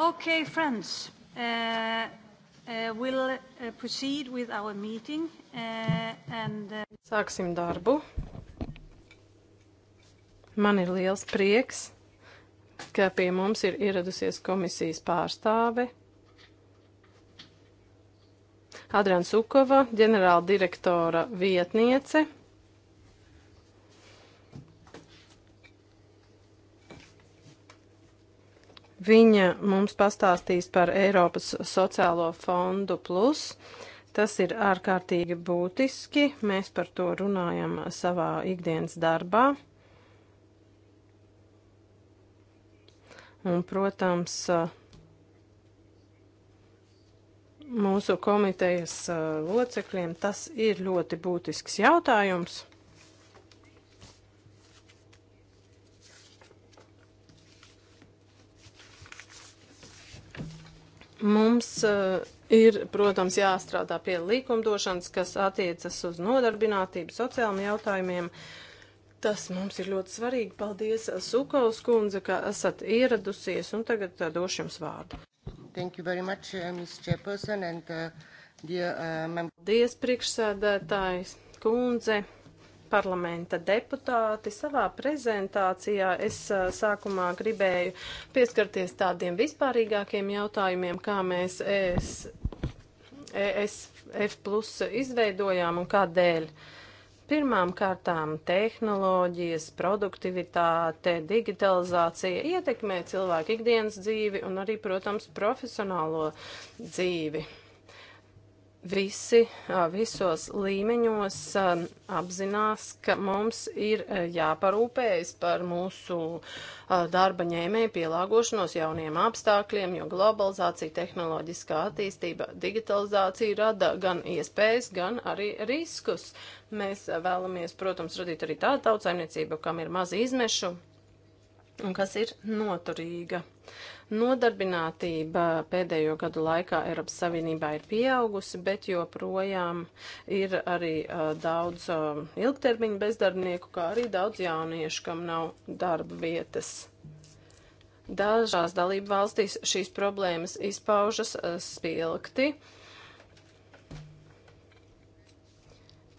Okay, friends, uh, uh, we'll uh, proceed with our meeting uh, and. Uh, Sāksim darbu. Man ir liels prieks, ka pie mums ir ieradusies komisijas pārstāve Adriana Sukova, ģenerāldirektora vietniece. Viņa mums pastāstīs par Eiropas sociālo fondu plus. Tas ir ārkārtīgi būtiski. Mēs par to runājam savā ikdienas darbā. Un, protams, mūsu komitejas locekļiem tas ir ļoti būtisks jautājums. Mums uh, ir, protams, jāstrādā pie likumdošanas, kas attiecas uz nodarbinātību, sociālajiem jautājumiem. Tas mums ir ļoti svarīgi. Paldies, eh, Sukaus kundze, ka esat ieradusies, un tagad uh, došu jums vārdu. Thank you very much, uh, Ms. Chairperson, and uh, dear uh, members. Paldies, priekšsēdētājs kundze parlamenta deputāti. Savā prezentācijā es sākumā gribēju pieskarties tādiem vispārīgākiem jautājumiem, kā mēs ES, ESF plus izveidojām un kādēļ. Pirmām kārtām tehnoloģijas, produktivitāte, digitalizācija ietekmē cilvēku ikdienas dzīvi un arī, protams, profesionālo dzīvi visi visos līmeņos apzinās, ka mums ir jāparūpējas par mūsu darba ņēmēju pielāgošanos jauniem apstākļiem, jo globalizācija, tehnoloģiskā attīstība, digitalizācija rada gan iespējas, gan arī riskus. Mēs vēlamies, protams, radīt arī tādu tautsaimniecību, kam ir maz izmešu un kas ir noturīga. Nodarbinātība pēdējo gadu laikā Eiropas Savienībā ir pieaugusi, bet joprojām ir arī uh, daudz uh, ilgtermiņu bezdarbnieku, kā arī daudz jauniešu, kam nav darba vietas. Dažās dalību valstīs šīs problēmas izpaužas spilgti. Uh,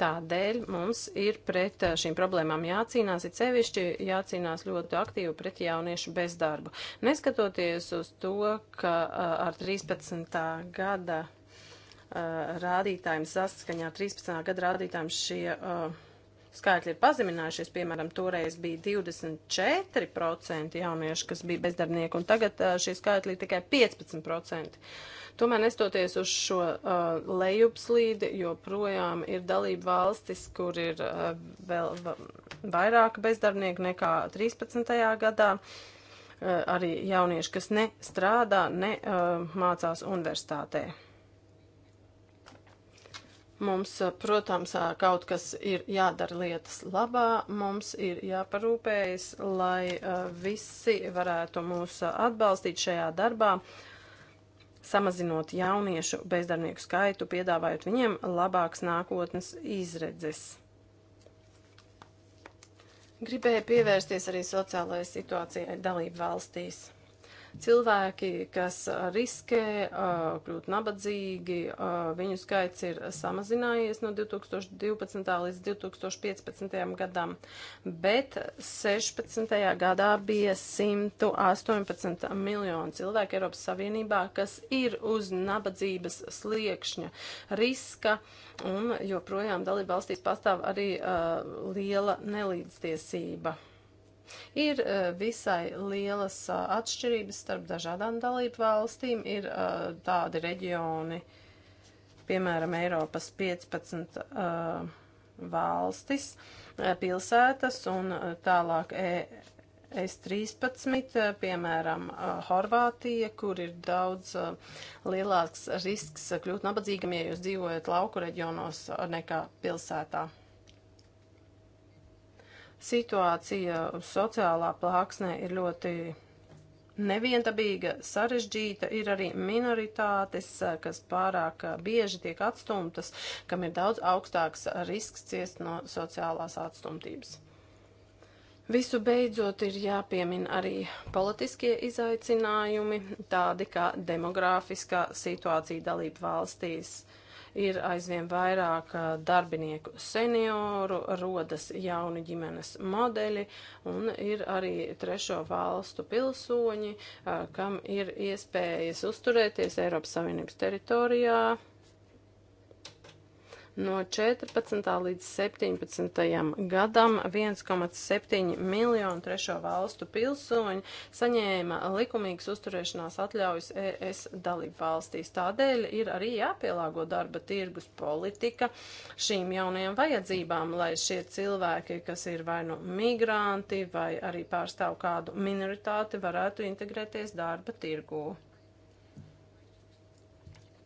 Tādēļ mums ir pret šīm problēmām jācīnās, ir sevišķi jācīnās ļoti aktīvi pret jauniešu bezdarbu. Neskatoties uz to, ka ar 13. gada rādītājiem, saskaņā 13. gada rādītājiem šie uh, skaitļi ir pazeminājušies. Piemēram, toreiz bija 24% jauniešu, kas bija bezdarbnieki, un tagad šie skaitļi ir tikai 15%. Tomēr nestoties uz šo uh, lejupslīdi, joprojām ir dalība valstis, kur ir uh, vēl vairāk bezdarbnieku nekā 13. gadā. Uh, arī jaunieši, kas ne strādā, ne uh, mācās universitātē. Mums, protams, kaut kas ir jādara lietas labā, mums ir jāparūpējas, lai visi varētu mūs atbalstīt šajā darbā, samazinot jauniešu bezdarbnieku skaitu, piedāvājot viņiem labāks nākotnes izredzes. Gribēju pievērsties arī sociālajai situācijai dalību valstīs. Cilvēki, kas riskē kļūt nabadzīgi, viņu skaits ir samazinājies no 2012. līdz 2015. gadam, bet 16. gadā bija 118 miljoni cilvēku Eiropas Savienībā, kas ir uz nabadzības sliekšņa riska, un joprojām dalība valstīs pastāv arī uh, liela nelīdztiesība. Ir e, visai lielas e, atšķirības starp dažādām dalību valstīm, ir e, tādi reģioni, piemēram, Eiropas 15 uh, valstis, pilsētas un tālāk S13, piemēram, Horvātija, kur ir daudz lielāks risks kļūt nabadzīgam, ja jūs dzīvojat lauku reģionos nekā pilsētā. Situācija sociālā plāksnē ir ļoti neviendabīga, sarežģīta, ir arī minoritātes, kas pārāk bieži tiek atstumtas, kam ir daudz augstāks risks ciest no sociālās atstumtības. Visu beidzot ir jāpiemina arī politiskie izaicinājumi, tādi kā demografiskā situācija dalība valstīs. Uh, ir aizvien vairāk darbinieku senioru, rodas jauni ģimenes modeļi un ir arī trešo valstu pilsoņi, kam ir iespējas uzturēties Eiropas Savienības teritorijā No 14. līdz 17. gadam 1,7 miljonu trešo valstu pilsoņu saņēma likumīgas uzturēšanās atļaujas ES dalību valstīs. Tādēļ ir arī jāpielāgo darba tirgus politika šīm jaunajām vajadzībām, lai šie cilvēki, kas ir vai nu migranti, vai arī pārstāv kādu minoritāti, varētu integrēties darba tirgū.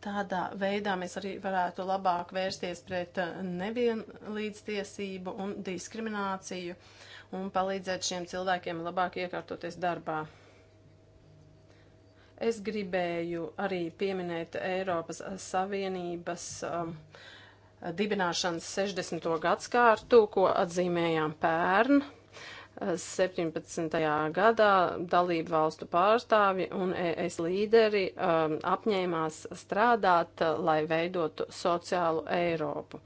Tādā veidā mēs arī varētu labāk vērsties pret eh, nevienlīdztiesību un diskrimināciju un palīdzēt šiem cilvēkiem labāk iekārtoties darbā. Es gribēju arī pieminēt Eiropas Savienības um, dibināšanas 60. gadskārtu, ko atzīmējām pērn. 17. gadā dalību valstu pārstāvi un ES līderi um, apņēmās strādāt, uh, lai veidotu sociālu Eiropu.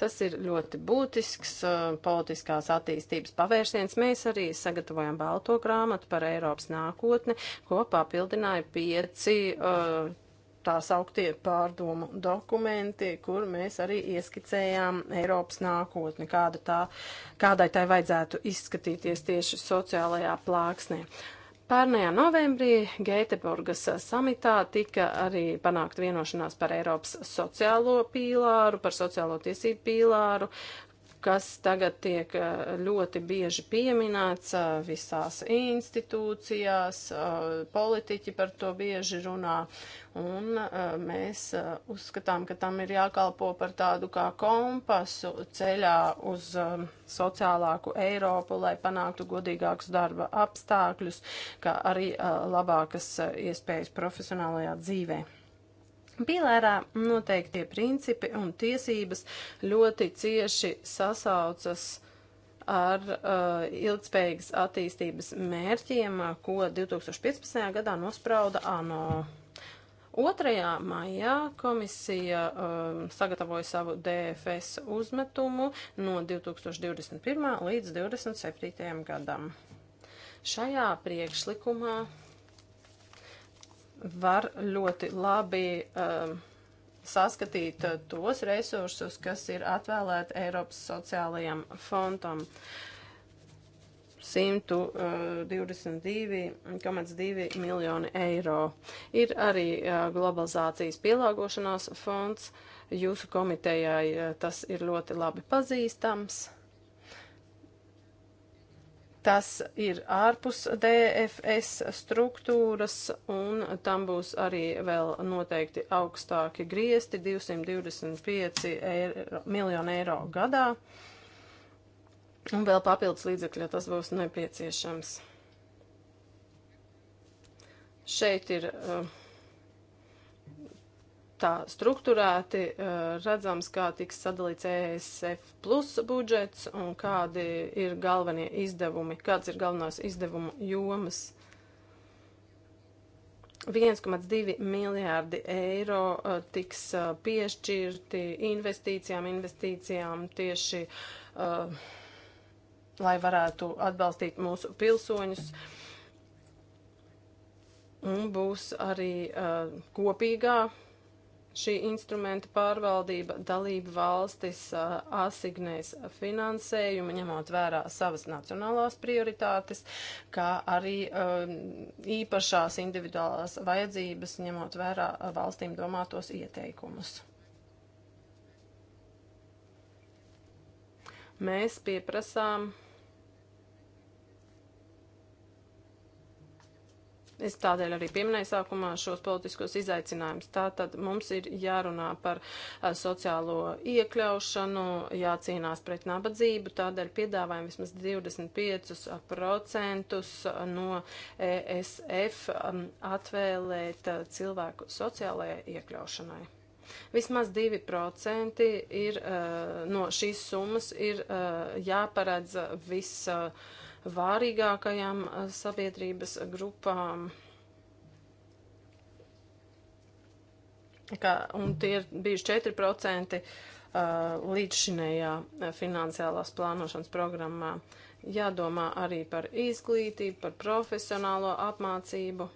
Tas ir ļoti būtisks uh, politiskās attīstības pavērsiens. Mēs arī sagatavojam balto grāmatu par Eiropas nākotni, ko papildināja pieci uh, tā sauktie pārdomu dokumenti, kur mēs arī ieskicējām Eiropas nākotni, kāda tā, kādai tai vajadzētu izskatīties tieši sociālajā plāksnē. Pērnējā novembrī Gēteburgas samitā tika arī panākt vienošanās par Eiropas sociālo pīlāru, par sociālo tiesību pīlāru, kas tagad tiek eh, ļoti bieži pieminēts eh, visās institūcijās, eh, politiķi par to bieži runā, un mēs uzskatām, ka tam ir jākalpo par tādu kā kompasu ceļā uz sociālāku Eiropu, lai panāktu godīgākus darba apstākļus, kā arī labākas iespējas profesionālajā dzīvē. Pielērā noteiktie principi un tiesības ļoti cieši sasaucas ar uh, ilgspējīgas attīstības mērķiem, uh, ko 2015. gadā nosprauda ANO. 2. maijā komisija um, uh, sagatavoja savu DFS uzmetumu no 2021. līdz 2027. gadam. Šajā priekšlikumā var ļoti labi um, saskatīt uh, tos resursus, kas ir atvēlēti Eiropas sociālajam fondam. 122,2 uh, miljoni eiro. Ir arī uh, globalizācijas pielāgošanās fonds. Jūsu komitejai uh, tas ir ļoti labi pazīstams. Tas ir ārpus DFS struktūras, un tam būs arī vēl noteikti augstāki griesti - 225 eiro, miljonu eiro gadā, un vēl papildus līdzekļi, ja tas būs nepieciešams. Šeit ir uh, tā strukturēti eh, redzams, kā tiks sadalīts ESF plus budžets un kādi ir galvenie izdevumi, kāds ir galvenās izdevumu jomas. 1,2 miljārdi eiro eh, tiks eh, piešķirti investīcijām, investīcijām tieši, lai varētu atbalstīt mūsu pilsoņus. Un būs arī uh, kopīgā šī instrumenta pārvaldība dalību valstis asignēs finansējumu, ņemot vērā savas nacionālās prioritātes, kā arī um, īpašās individuālās vajadzības, ņemot vērā valstīm domātos ieteikumus. Mēs pieprasām Es tādēļ arī pieminēju sākumā šos politiskos izaicinājumus. Tātad mums ir jārunā par sociālo iekļaušanu, jācīnās pret nabadzību, tādēļ piedāvājam vismaz 25% no ESF atvēlēt cilvēku sociālajai iekļaušanai. Vismaz 2% ir, no šīs summas ir jāparedz viss vārīgākajām eh, sabiedrības grupām. Kā, un tie ir bijuši 4% eh, līdz šinējā eh, finansiālās plānošanas programmā. Jādomā arī par izglītību, par profesionālo apmācību.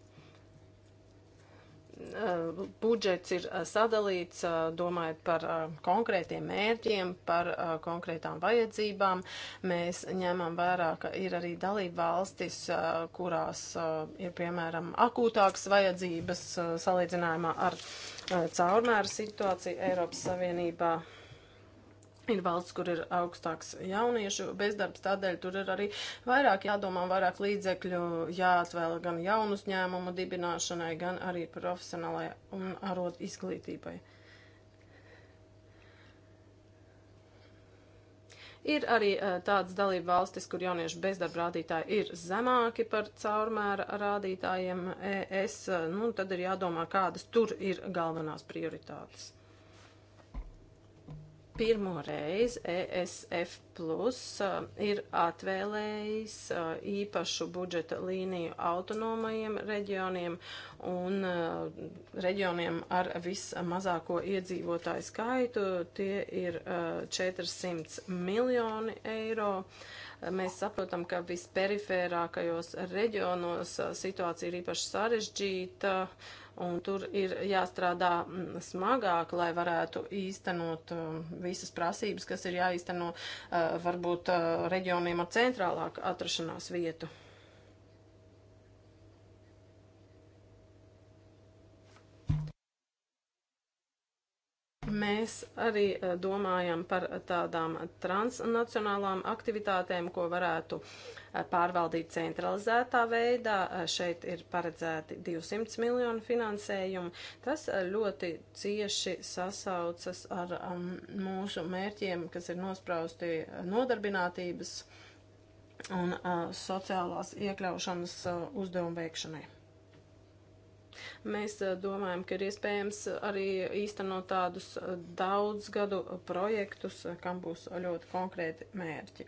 Uh, budžets ir uh, sadalīts, uh, domājot par konkrētiem mērķiem, par konkrētām vajadzībām. Mēs ņemam vērā, ka ir arī dalība valstis, kurās ir, piemēram, akūtākas vajadzības salīdzinājumā ar caurmēra situāciju Eiropas Savienībā. Ir valsts, kur ir augstāks jauniešu bezdarbs, tādēļ tur ir arī vairāk jādomā, vairāk līdzekļu jāatvēl gan jaunu uzņēmumu dibināšanai, gan arī profesionālajai un arot izglītībai. Ir arī eh, tādas dalība valstis, kur jauniešu bezdarba rādītāji ir zemāki par caurmēra rādītājiem ES, eh, nu tad ir jādomā, kādas tur ir galvenās prioritātes pirmo reizi ESF Plus ir atvēlējis īpašu budžeta līniju autonomajiem reģioniem un reģioniem ar vismazāko iedzīvotāju skaitu. Tie ir 400 miljoni eiro mēs saprotam, ka visperifērākajos reģionos situācija ir īpaši sarežģīta, un tur ir jāstrādā smagāk, lai varētu īstenot visas prasības, kas ir jāīsteno varbūt eh, reģioniem ar centrālāku atrašanās vietu. Mēs arī eh, domājam par tādām transnacionālām aktivitātēm, ko varētu eh, pārvaldīt centralizētā veidā. Eh, šeit ir paredzēti 200 miljonu finansējumu. Tas ļoti cieši sasaucas ar um, mūsu mērķiem, kas ir nosprausti nodarbinātības un uh, sociālās iekļaušanas uh, uzdevumu veikšanai. Mēs eh, domājam, ka ir iespējams eh, arī īstenot tādus eh, daudzgadu projektus, kam būs ļoti konkrēti mērķi.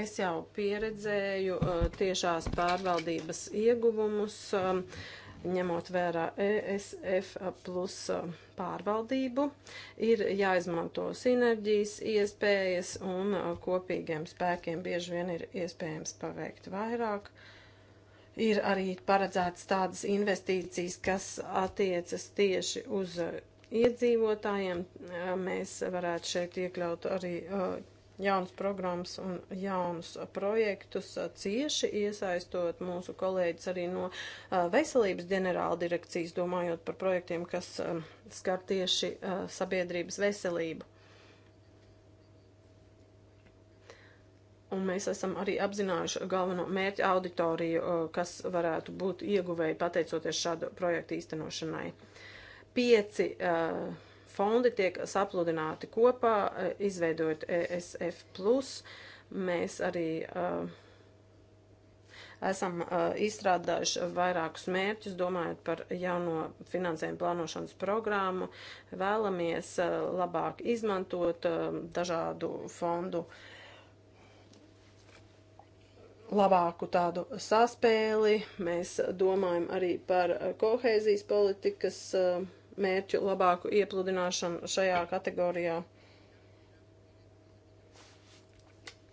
Es jau pieredzēju tiešās pārvaldības ieguvumus, ņemot vērā ESF plus pārvaldību, ir jāizmanto sinerģijas iespējas un kopīgiem spēkiem bieži vien ir iespējams paveikt vairāk. Ir arī paredzētas tādas investīcijas, kas attiecas tieši uz uh, iedzīvotājiem. Uh, mēs varētu šeit iekļaut arī uh, jaunas programmas un jaunus projektus, cieši iesaistot mūsu kolēģis arī no veselības ģenerāla direkcijas, domājot par projektiem, kas um, skar tieši sabiedrības veselību. Un mēs esam arī apzinājuši galveno mērķu auditoriju, kas varētu būt ieguvēji pateicoties šādu projektu īstenošanai. Pieci uh, fondi tiek sapludināti kopā, izveidojot ESF. Mēs arī uh, esam uh, izstrādājuši vairākus mērķus, domājot par jauno finansējumu plānošanas programmu. Vēlamies uh, labāk izmantot uh, dažādu fondu uh, labāku tādu saspēli. Mēs domājam arī par kohēzijas politikas eh, mērķu labāku iepludināšanu šajā kategorijā.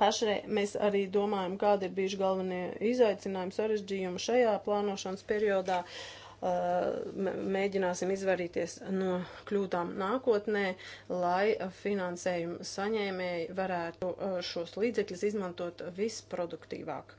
Pašrei mēs arī domājam, kādi ir bijuši galvenie izaicinājumi, sarežģījumi šajā plānošanas periodā. Uh, mēģināsim izvarīties no kļūdām nākotnē, lai finansējumu saņēmēji varētu šos līdzekļus izmantot visproduktīvāk.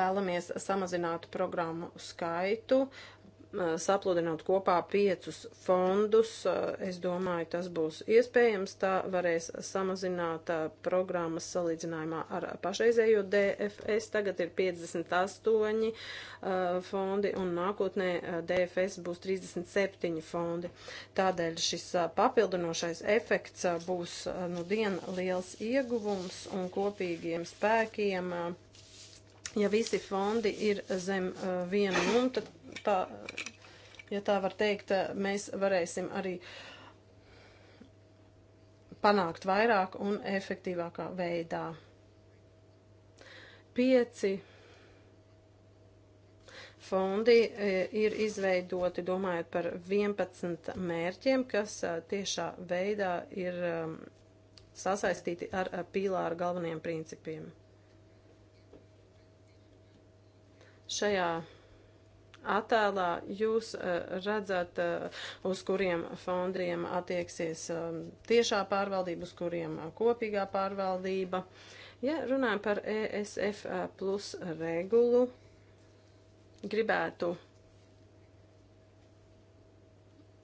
Vēlamies samazināt programmu skaitu, uh, Uh, sapludinot kopā piecus fondus. Uh, es domāju, tas būs iespējams. Tā varēs samazināt uh, programmas salīdzinājumā ar pašreizējo DFS. Tagad ir 58 fondi un nākotnē DFS būs 37 fondi. Tādēļ šis papildinošais efekts būs nu no dienu liels ieguvums un kopīgiem spēkiem. Uh, ja visi fondi ir zem uh, viena numta, tā, ja tā var teikt, uh, mēs varēsim arī panākt vairāk un efektīvākā veidā. Pieci fondi uh, ir izveidoti domājot par 11 mērķiem, kas uh, tiešā veidā ir um, sasaistīti ar pīlāra galveniem principiem. Šajā attēlā jūs eh, redzat, eh, uz kuriem fondiem attieksies eh, tiešā pārvaldība, uz kuriem kopīgā pārvaldība. Ja runājam par ESF plus regulu, gribētu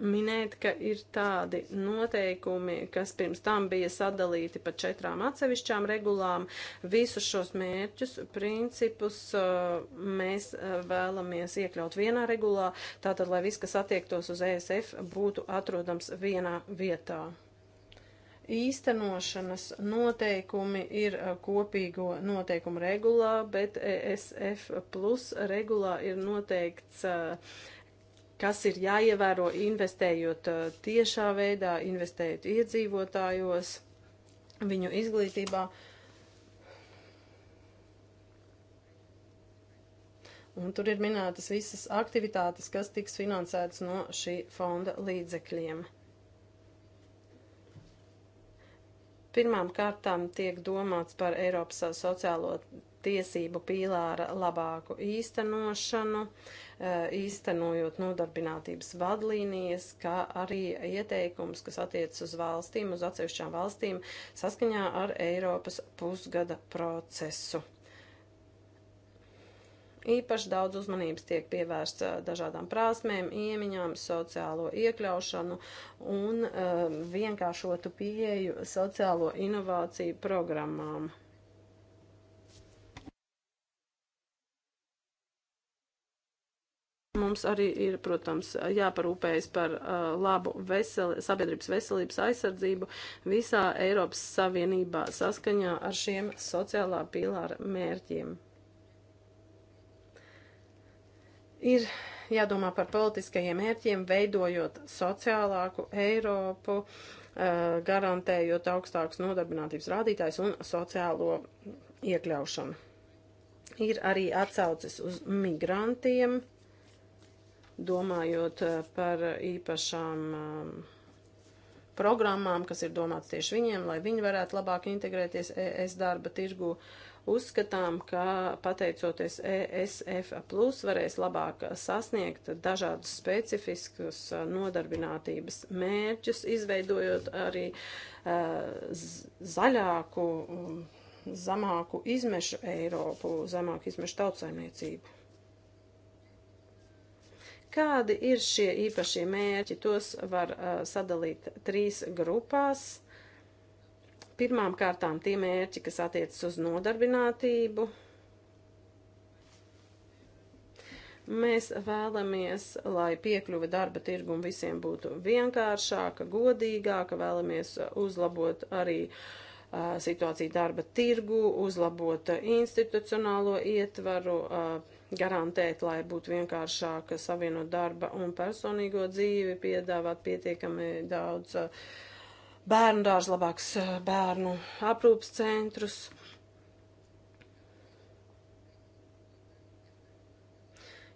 minēt, ka ir tādi noteikumi, kas pirms tam bija sadalīti pa četrām atsevišķām regulām. Visus šos mērķus, principus uh, mēs uh, vēlamies iekļaut vienā regulā, tātad, lai viss, kas attiektos uz ESF, būtu atrodams vienā vietā īstenošanas noteikumi ir uh, kopīgo noteikumu regulā, bet ESF plus regulā ir noteikts uh, kas ir jāievēro investējot uh, tiešā veidā, investējot iedzīvotājos, viņu izglītībā. Un tur ir minētas visas aktivitātes, kas tiks finansētas no šī fonda līdzekļiem. Pirmām kārtām tiek domāts par Eiropas sociālo tiesību pīlāra labāku īstenošanu. Uh, Eh, īstenojot nodarbinātības vadlīnijas, kā arī ieteikums, kas attiecas uz valstīm, uz atsevišķām valstīm saskaņā ar Eiropas pusgada procesu. Īpaši daudz uzmanības tiek pievērsts eh, dažādām prasmēm, iemiņām, sociālo iekļaušanu un uh, vienkāršotu pieeju sociālo inovāciju programmām. Mums arī ir, protams, jāparūpējas par uh, labu veseli, sabiedrības veselības aizsardzību visā Eiropas Savienībā saskaņā ar šiem sociālā pīlāra mērķiem. Ir jādomā par politiskajiem mērķiem, veidojot sociālāku Eiropu, garantējot augstākus nodarbinātības rādītājus un sociālo iekļaušanu. Ir arī atsaucis uz migrantiem domājot eh, par īpašām eh, programmām, kas ir domāts tieši viņiem, lai viņi varētu labāk integrēties ES darba tirgu. Uzskatām, ka pateicoties ESF plus varēs labāk sasniegt dažādus specifiskus eh, nodarbinātības mērķus, izveidojot arī zaļāku, mm, zamāku izmešu Eiropu, zamāku izmešu tautsaimniecību. Kādi ir šie īpašie mērķi? Tos var uh, sadalīt trīs grupās. Pirmām kārtām tie mērķi, kas attiecas uz nodarbinātību. Mēs vēlamies, lai piekļuve darba tirgumu visiem būtu vienkāršāka, godīgāka, vēlamies uzlabot arī uh, situāciju darba tirgu, uzlabot institucionālo ietvaru, uh, garantēt, lai būtu vienkāršāk savienot darba un personīgo dzīvi, piedāvāt pietiekami daudz eh, bērnu dārzu, labāks eh, bērnu aprūpas centrus.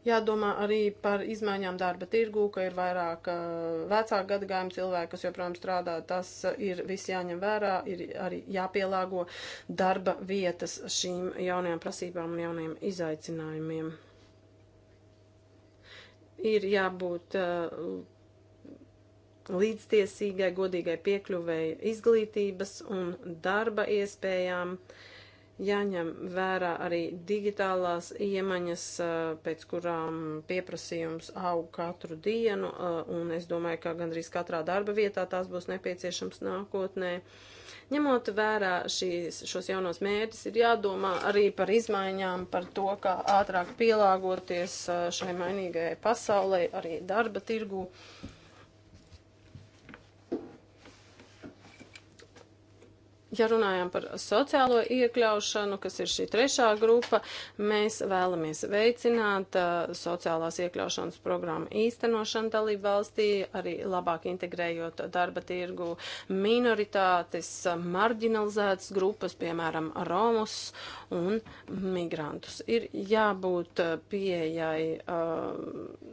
Jādomā arī par izmaiņām darba tirgū, ka ir vairāk vecāku gadagājumu cilvēku, kas joprojām strādā. Tas ir viss jāņem vērā, ir arī jāpielāgo darba vietas šīm jaunajām prasībām un jaunajiem izaicinājumiem. Ir jābūt līdztiesīgai, godīgai piekļuvēji izglītības un darba iespējām. Uh, Jāņem vērā arī digitālās iemaņas, pēc kurām pieprasījums aug katru dienu, un es domāju, ka gandrīz katrā darba vietā tās būs nepieciešams nākotnē. Ņemot vērā šīs, šos jaunos mērķus, ir jādomā arī par izmaiņām, par to, kā ātrāk pielāgoties šai mainīgajai pasaulē, arī darba tirgū. Uh, Ja runājam par sociālo iekļaušanu, kas ir šī trešā grupa, mēs vēlamies veicināt uh, sociālās iekļaušanas programmu īstenošanu dalību valstī, arī labāk integrējot darba tirgu minoritātes, marginalizētas grupas, piemēram, romus un migrantus. Ir jābūt uh, pieejai uh,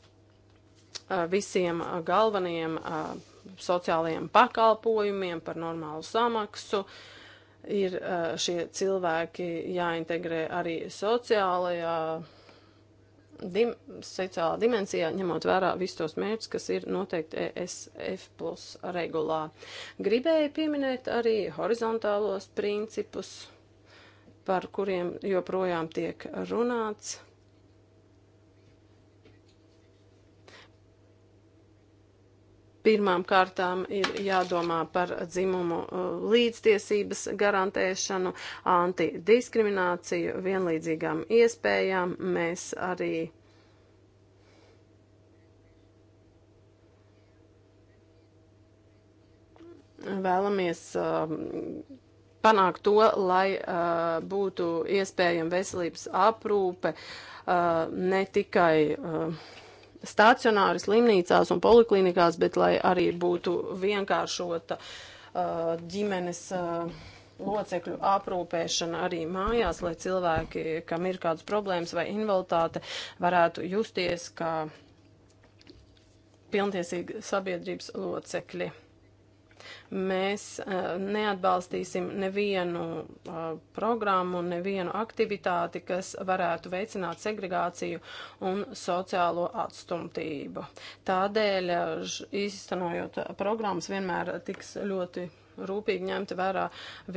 uh, visiem galvenajiem. Uh, sociālajiem pakalpojumiem, par normālu samaksu. Ir šie cilvēki jāintegrē arī sociālajā, dim, sociālā dimensijā, ņemot vērā visus tos mērķus, kas ir noteikti ESF plus regulā. Gribēju pieminēt arī horizontālos principus, par kuriem joprojām tiek runāts Pirmām kārtām ir jādomā par dzimumu uh, līdztiesības garantēšanu, antidiskrimināciju, vienlīdzīgām iespējām. Mēs arī vēlamies uh, panākt to, lai uh, būtu iespējama veselības aprūpe uh, ne tikai uh, stacionāri slimnīcās un poliklinikās, bet lai arī būtu vienkāršota uh, ģimenes. Uh, locekļu aprūpēšana arī mājās, lai cilvēki, kam ir kādas problēmas vai invaliditāte, varētu justies kā pilntiesīgi sabiedrības locekļi. Mēs eh, neatbalstīsim nevienu eh, programmu, nevienu aktivitāti, kas varētu veicināt segregāciju un sociālo atstumtību. Tādēļ, eh, īstenojot programmas, vienmēr tiks ļoti rūpīgi ņemti vērā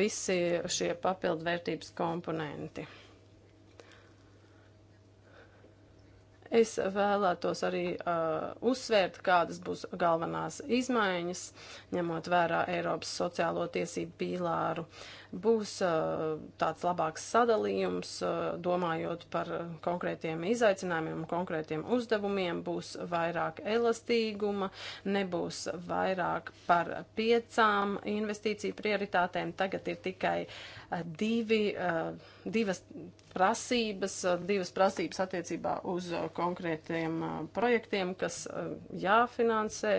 visi šie papildvērtības komponenti. Es vēlētos arī uh, uzsvērt, kādas būs galvenās izmaiņas, ņemot vērā Eiropas sociālo tiesību pīlāru būs tāds labāks sadalījums, domājot par konkrētiem izaicinājumiem, konkrētiem uzdevumiem, būs vairāk elastīguma, nebūs vairāk par piecām investīciju prioritātēm, tagad ir tikai divi, divas prasības, divas prasības attiecībā uz konkrētiem projektiem, kas jāfinansē.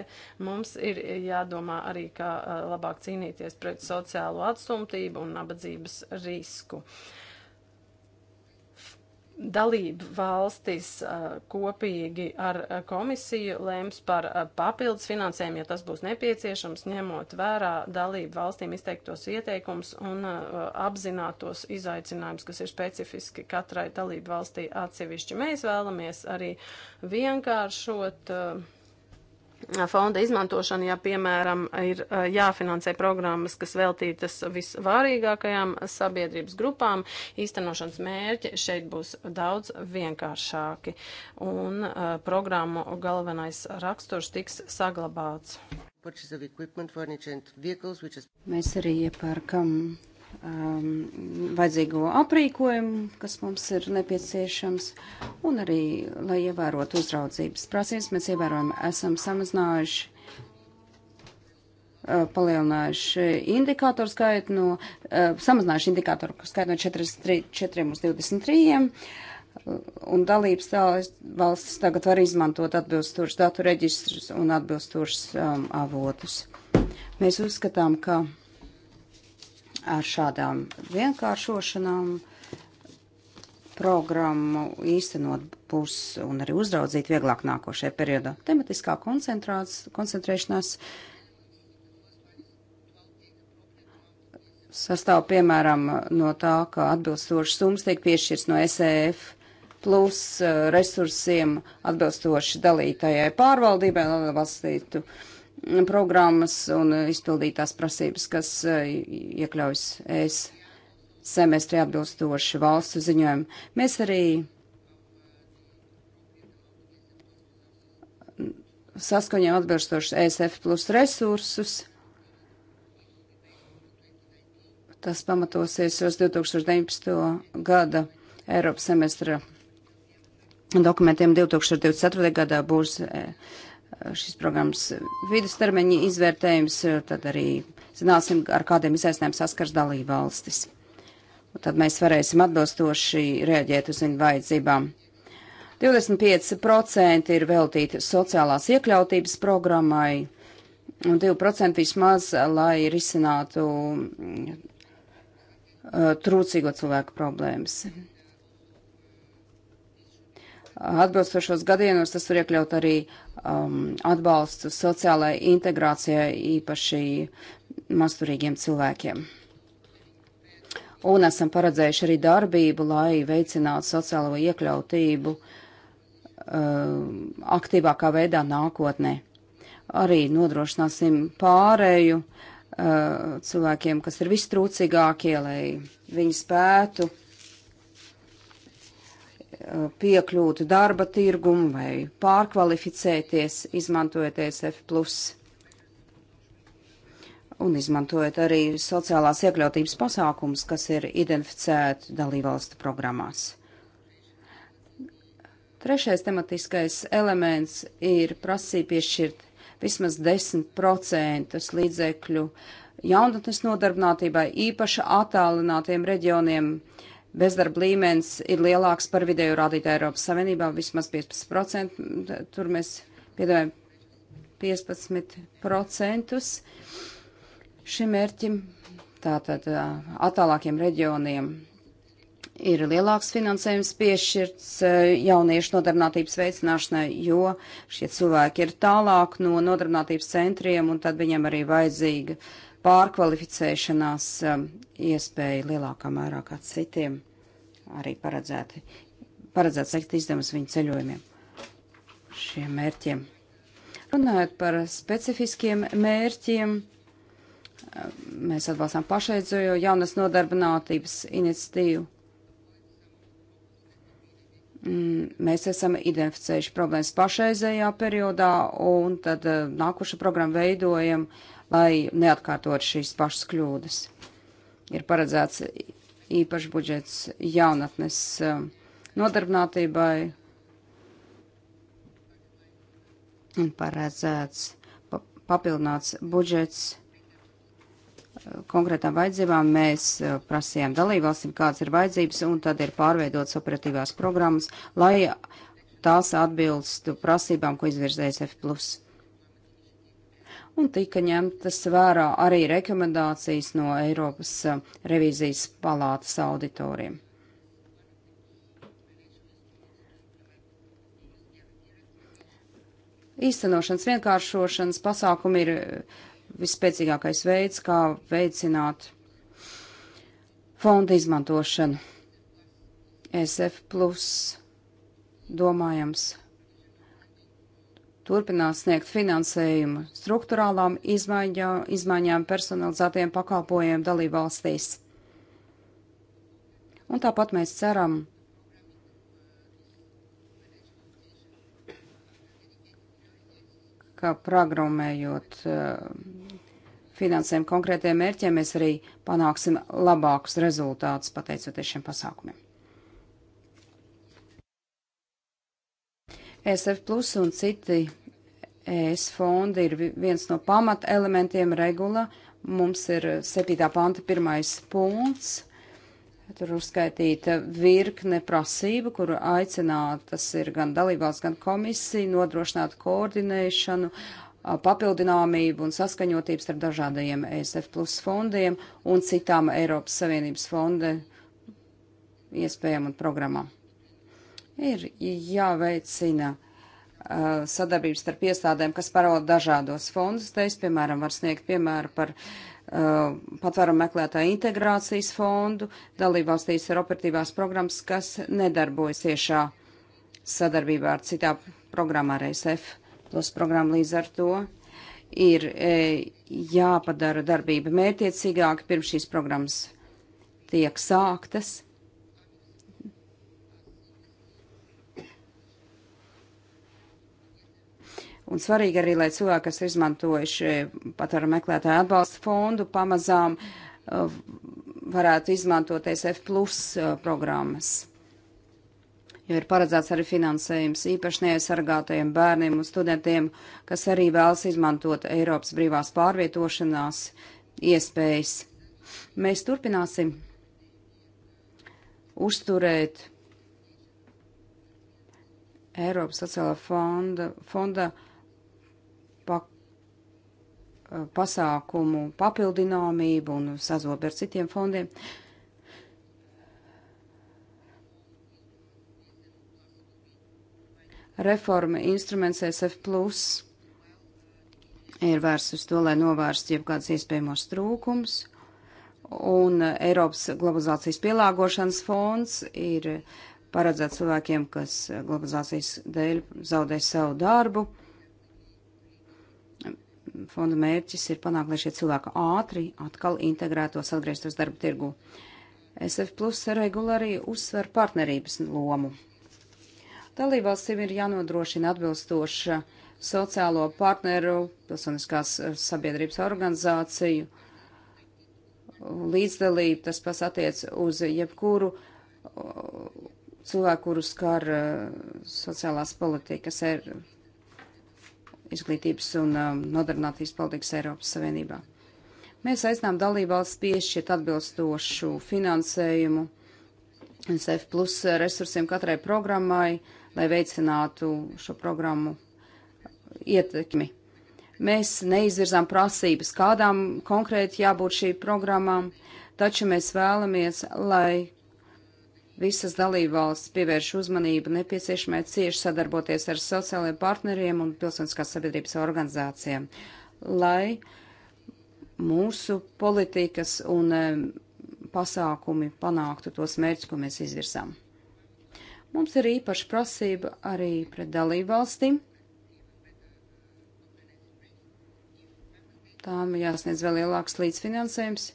Mums ir jādomā arī, kā labāk cīnīties pret sociālo atstumtību nabadzību un nabadzības risku. Dalību valstis kopīgi ar komisiju lēms par papildus finansējumu, ja tas būs nepieciešams, ņemot vērā dalību valstīm izteiktos ieteikums un apzinātos izaicinājumus, kas ir specifiski katrai dalību valstī atsevišķi. Mēs vēlamies arī vienkāršot uh, fonda izmantošana, ja, piemēram, ir eh, jāfinansē programmas, kas veltītas visvārīgākajām sabiedrības grupām, īstenošanas mērķi šeit būs daudz vienkāršāki, un uh, programmu galvenais raksturs tiks saglabāts. Is... Mēs arī iepērkam um, vajadzīgo aprīkojumu, kas mums ir nepieciešams, un arī, lai ievērotu uzraudzības prasības, mēs ievērojam, esam samazinājuši, uh, palielinājuši indikātoru skaitu no, uh, samazinājuši indikātoru skaitu no 4, 4 uz 23, un dalības valsts tagad var izmantot atbilstošus datu reģistrus un atbilstošus um, avotus. Mēs uzskatām, ka ar šādām vienkāršošanām programmu īstenot būs un arī uzraudzīt vieglāk nākošajā periodā. Tematiskā koncentrēšanās sastāv piemēram no tā, ka atbilstošas summas tiek piešķirs no SEF plus eh, resursiem atbilstoši dalītajai pārvaldībai, lai valstītu uh, programmas un izpildītās prasības, kas e, iekļaujas es semestri atbilstoši valstu ziņojumu. Mēs arī saskaņojam atbilstoši ESF plus resursus. Tas pamatosies uz 2019. gada Eiropas semestra dokumentiem. 2024. gadā būs e, šis programmas vidustermiņa izvērtējums, tad arī zināsim, ar kādiem izaicinājumiem saskars dalība valstis. Un tad mēs varēsim atbilstoši rēģēt uz viņu vajadzībām. 25% ir veltīti sociālās iekļautības programmai, un 2% vismaz, lai risinātu mm, trūcīgo cilvēku problēmas atbilstošos gadījumos tas var iekļaut arī um, atbalstu sociālajai integrācijai, īpaši masturīgiem cilvēkiem. Un esam paredzējuši arī darbību, lai veicinātu sociālo iekļautību um, aktīvākā veidā nākotnē. Arī nodrošināsim pārēju uh, cilvēkiem, kas ir vistrūcīgākie, lai viņi spētu Uh, piekļūt darba tirgumu vai pārkvalificēties, izmantojot ESF. Un izmantojot arī sociālās iekļautības pasākums, kas ir identificēti dalībvalstu programmās. Trešais tematiskais elements ir prasība piešķirt vismaz 10% līdzekļu jaunatnes nodarbinātībai īpaši attālinātiem reģioniem uh, bezdarba līmenis ir lielāks par vidēju rādītāju Eiropas Savienībā, vismaz 15%. Tur mēs piedāvājam 15% šim mērķim. Tātad attālākiem reģioniem ir lielāks finansējums piešķirts jauniešu nodarbinātības veicināšanai, jo šie cilvēki ir tālāk no nodarbinātības centriem un tad viņiem arī vajadzīga pārkvalificēšanās iespēja lielākā mērā kā citiem arī paredzēti, paredzēts sekt izdevums viņu ceļojumiem šiem mērķiem. Runājot par specifiskiem mērķiem, mēs atbalstām pašreizējo jaunas nodarbinātības iniciatīvu. Mm, mēs esam identificējuši problēmas pašreizējā periodā un tad eh, nākušu programmu veidojam, lai neatkārtot šīs pašas kļūdas. Ir paredzēts īpašs budžets jaunatnes uh, nodarbinātībai un paredzēts papildināts budžets uh, konkrētām vajadzībām. Mēs uh, prasījām dalībvalstīm, kādas ir vajadzības, un tad ir pārveidotas operatīvās programmas, lai tās atbilstu prasībām, ko izvirzējas F un tika ņemtas vērā arī rekomendācijas no Eiropas uh, revīzijas palātas auditoriem. Īstenošanas vienkāršošanas pasākumi ir uh, vispēcīgākais veids, kā veicināt fonda izmantošanu. E SF plus domājams turpinās sniegt finansējumu struktūrālām izmaiņā, izmaiņām personalizētiem pakalpojumiem dalībvalstīs. Un tāpat mēs ceram, ka programmējot eh, finansēm konkrētiem mērķiem, mēs arī panāksim labākus rezultātus pateicoties šiem pasākumiem. ESF Plus un citi ES fondi ir viens no pamata elementiem regula. Mums ir 7. panta pirmais punkts. Tur uzskaitīta virkne prasība, kuru aicinātas ir gan dalībvalsts, gan komisija nodrošināt koordinēšanu, papildināmību un saskaņotību starp dažādajiem ESF plus fondiem un citām Eiropas Savienības fonde iespējām un programmām. Ir jāveicina. Ja Uh, sadarbības starp iestādēm, kas parauda dažādos fondus. Te es, piemēram, varu sniegt piemēru par uh, patvērumu meklētāju integrācijas fondu. Dalībvalstīs ir operatīvās programmas, kas nedarbojas tiešā sadarbībā ar citā programmā, ar ESF plus programmu līdz ar to. Ir e, jāpadara darbība mērķiecīgāka pirms šīs programmas tiek sāktas Un svarīgi arī, lai cilvēki, kas ir izmantojuši patvaru meklētāju atbalsta fondu, pamazām uh, varētu izmantot SF plus uh, programmas. Jo ir paredzēts arī finansējums īpaši neaizsargātajiem bērniem un studentiem, kas arī vēlas izmantot Eiropas brīvās pārvietošanās iespējas. Mēs turpināsim uzturēt Eiropas sociālā fonda, fonda uh, Eh, pasākumu papildināmību un sazobi ar citiem fondiem. Reforma instruments SF plus ir vērsts uz to, lai novērstu jebkādas iespējamos trūkums, un eh, Eiropas globalizācijas pielāgošanas fonds ir paredzēts cilvēkiem, kas globalizācijas dēļ zaudēs savu darbu fonda mērķis ir panākt, lai šie cilvēki ātri atkal integrētos, atgrieztos darba tirgu. SF Plus regulāri uzsver partnerības lomu. Dalībvalstīm ir jānodrošina atbilstoša sociālo partneru, pilsoniskās eh, sabiedrības organizāciju līdzdalību. Tas pats attiec uz jebkuru eh, cilvēku, kuru skar eh, sociālās politikas. Er, izglītības un um, nodarbinātības politikas Eiropas Savienībā. Mēs aicinām dalībvalsts piešķirt atbilstošu finansējumu SF plus resursiem katrai programmai, lai veicinātu šo programmu ietekmi. Mēs neizvirzām prasības, kādām konkrēti jābūt šī programmām, taču mēs vēlamies, lai Visas dalībvalsts pievērš uzmanību nepieciešamai cieši sadarboties ar sociālajiem partneriem un pilsoniskās sabiedrības organizācijām, lai mūsu politikas un pasākumi panāktu tos mērķus, ko mēs izvirsām. Mums ir īpaša prasība arī pret dalībvalstīm. Tām jāsniedz vēl lielāks līdzfinansējums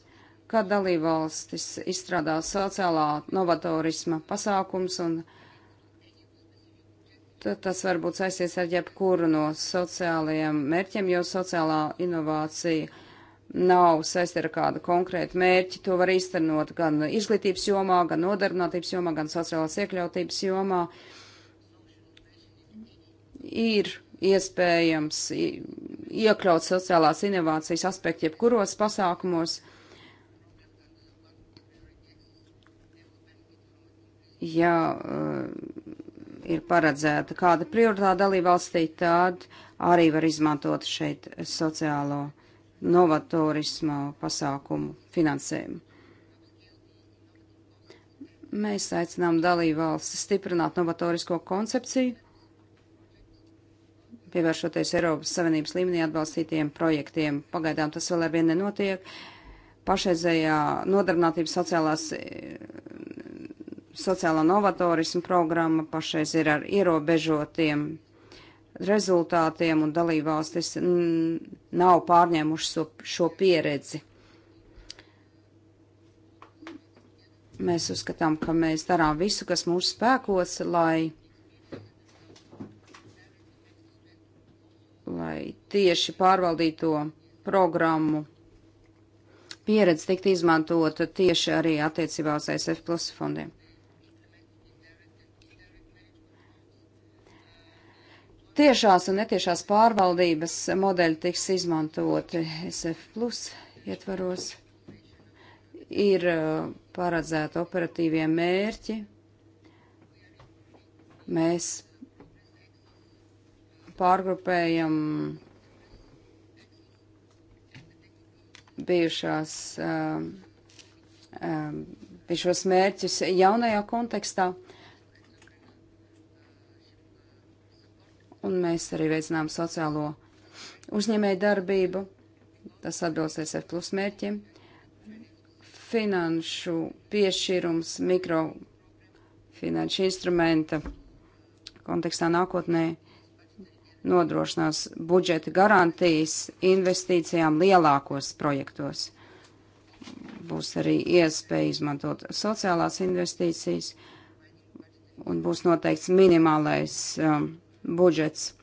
kad dalībvalstis izstrādā sociālā novatorisma pasākums, un tas varbūt saistīts ar jebkuru no sociālajiem mērķiem, jo sociālā inovācija nav saistīta ar kādu konkrētu mērķi. To var īstenot gan izglītības jomā, gan nodarbinātības jomā, gan sociālās iekļautības jomā. Ir iespējams iekļaut sociālās inovācijas aspektu jebkuros pasākumos. ja uh, ir paredzēta kāda prioritāte dalībvalstī, tad arī var izmantot šeit sociālo novatorismu pasākumu finansējumu. Mēs aicinām dalībvalstis stiprināt novatorisko koncepciju, pievēršoties Eiropas Savienības līmenī atbalstītiem projektiem. Pagaidām tas vēl arvien nenotiek. Pašreizējā nodarbinātības sociālās sociālā novatorismu programma pašreiz ir ar ierobežotiem rezultātiem un dalībvalstis nav pārņēmuši so, šo pieredzi. Mēs uzskatām, ka mēs darām visu, kas mūsu spēkos, lai, lai tieši pārvaldīto programmu pieredze tiktu izmantota tieši arī attiecībā uz ASF plus fondiem. Tiešās un netiešās pārvaldības modeļi tiks izmantoti SF plus ietvaros. Ir uh, paredzēti operatīvie mērķi. Mēs pārgrupējam bijušās, uh, uh, bijušos mērķus jaunajā kontekstā. un mēs arī veicinām sociālo uzņēmēju darbību. Tas atbilsties ar plus mērķiem. Finanšu piešķirums mikro finanšu instrumenta kontekstā nākotnē nodrošinās budžeta garantijas investīcijām lielākos projektos. Būs arī iespēja izmantot sociālās investīcijas un būs noteikts minimālais um, budžets,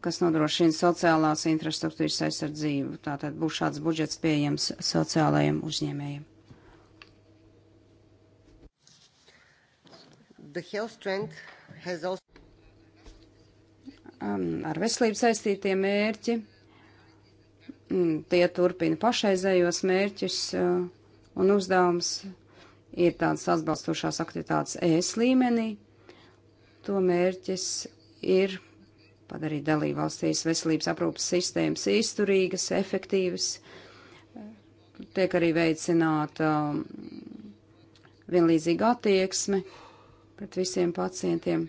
kas nodrošina sociālās infrastruktūras aizsardzību. Tātad būs šāds budžets pieejams sociālajiem uzņēmējiem. Also... Um, ar veselību saistītie mērķi mm, tie turpina pašreizējos mērķus uh, un uzdevums ir tādas atbalstošās aktivitātes ES līmenī, To mērķis ir padarīt dalībvalstīs veselības aprūpas sistēmas izturīgas, efektīvas. Tiek arī veicināta um, vienlīdzīga attieksme pret visiem pacientiem.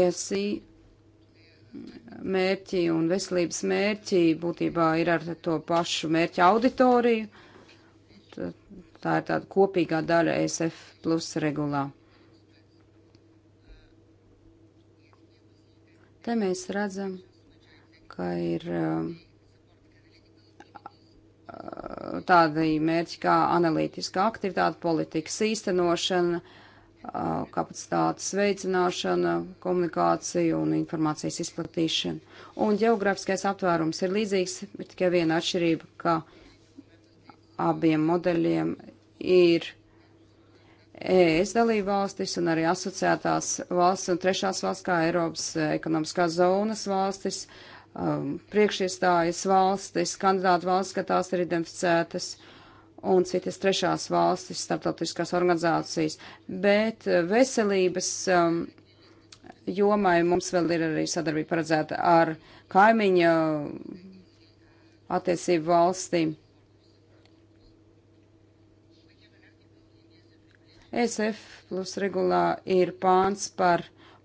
ESI mērķi un veselības mērķi būtībā ir ar to pašu mērķu auditoriju. Tad Tā ir tāda kopīgā daļa ESF plus regulā. Te mēs redzam, ka ir uh, tādi mērķi kā analītiskā aktivitāte, politikas īstenošana, uh, kapacitātes veicināšana, komunikācija un informācijas izplatīšana. Un geogrāfiskais aptvērums ir līdzīgs, ir tikai viena atšķirība, ka abiem modeļiem ir ES dalībvalstis un arī asociētās valsts un trešās valsts kā Eiropas ekonomiskās zonas valstis, um, priekšiestājas valstis, kandidātu valsts, ka tās ir identificētas un citas trešās valstis, starptautiskās organizācijas. Bet veselības um, jomai mums vēl ir arī sadarbība paredzēta ar kaimiņa attiecību valstīm. SF plus regulā ir pāns par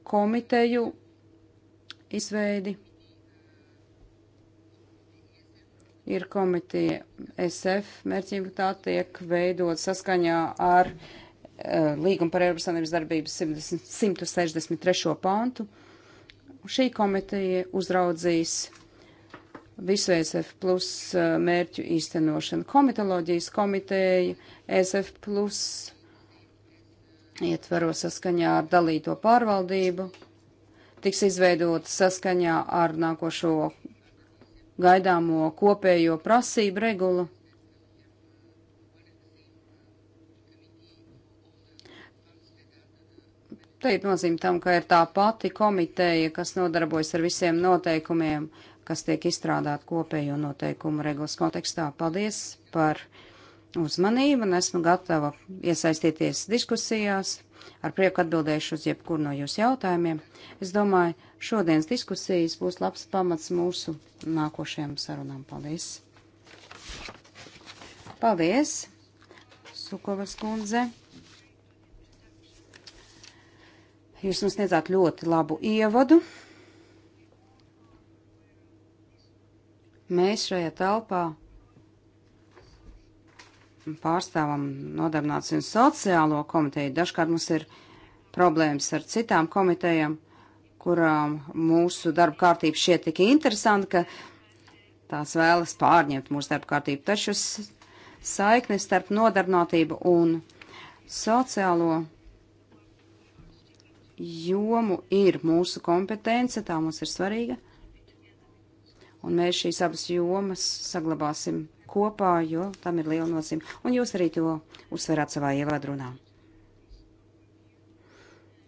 komiteju izveidi. Ir komiteja SF, mērķība tā tiek veidot saskaņā ar uh, eh, līgumu par Eiropas Savienības darbības 70, 163. pantu. Šī komiteja uzraudzīs visu SF plus eh, mērķu īstenošanu. Komitoloģijas komiteja SF plus ietveros saskaņā ar dalīto pārvaldību, tiks izveidota saskaņā ar nākošo gaidāmo kopējo prasību regulu. Te ir nozīme tam, ka ir tā pati komiteja, kas nodarbojas ar visiem noteikumiem, kas tiek izstrādāt kopējo noteikumu regulas kontekstā. Paldies par! uzmanību un esmu gatava iesaistīties diskusijās. Ar prieku atbildēšu uz jebkuru no jūsu jautājumiem. Es domāju, šodienas diskusijas būs labs pamats mūsu nākošajām sarunām. Paldies! Paldies, Sukovas kundze! Jūs mums sniedzāt ļoti labu ievadu. Mēs šajā telpā pārstāvam nodarbināts un sociālo komiteju. Dažkārt mums ir problēmas ar citām komitejām, kurām mūsu darba kārtība šķiet tik interesanta, ka tās vēlas pārņemt mūsu darba kārtību. Taču saikne starp nodarbinātību un sociālo jomu ir mūsu kompetence, tā mums ir svarīga. Un mēs šīs abas jomas saglabāsim kopā, jo tam ir liela nozīme. Un jūs arī to uzsverāt savā ievadrunā.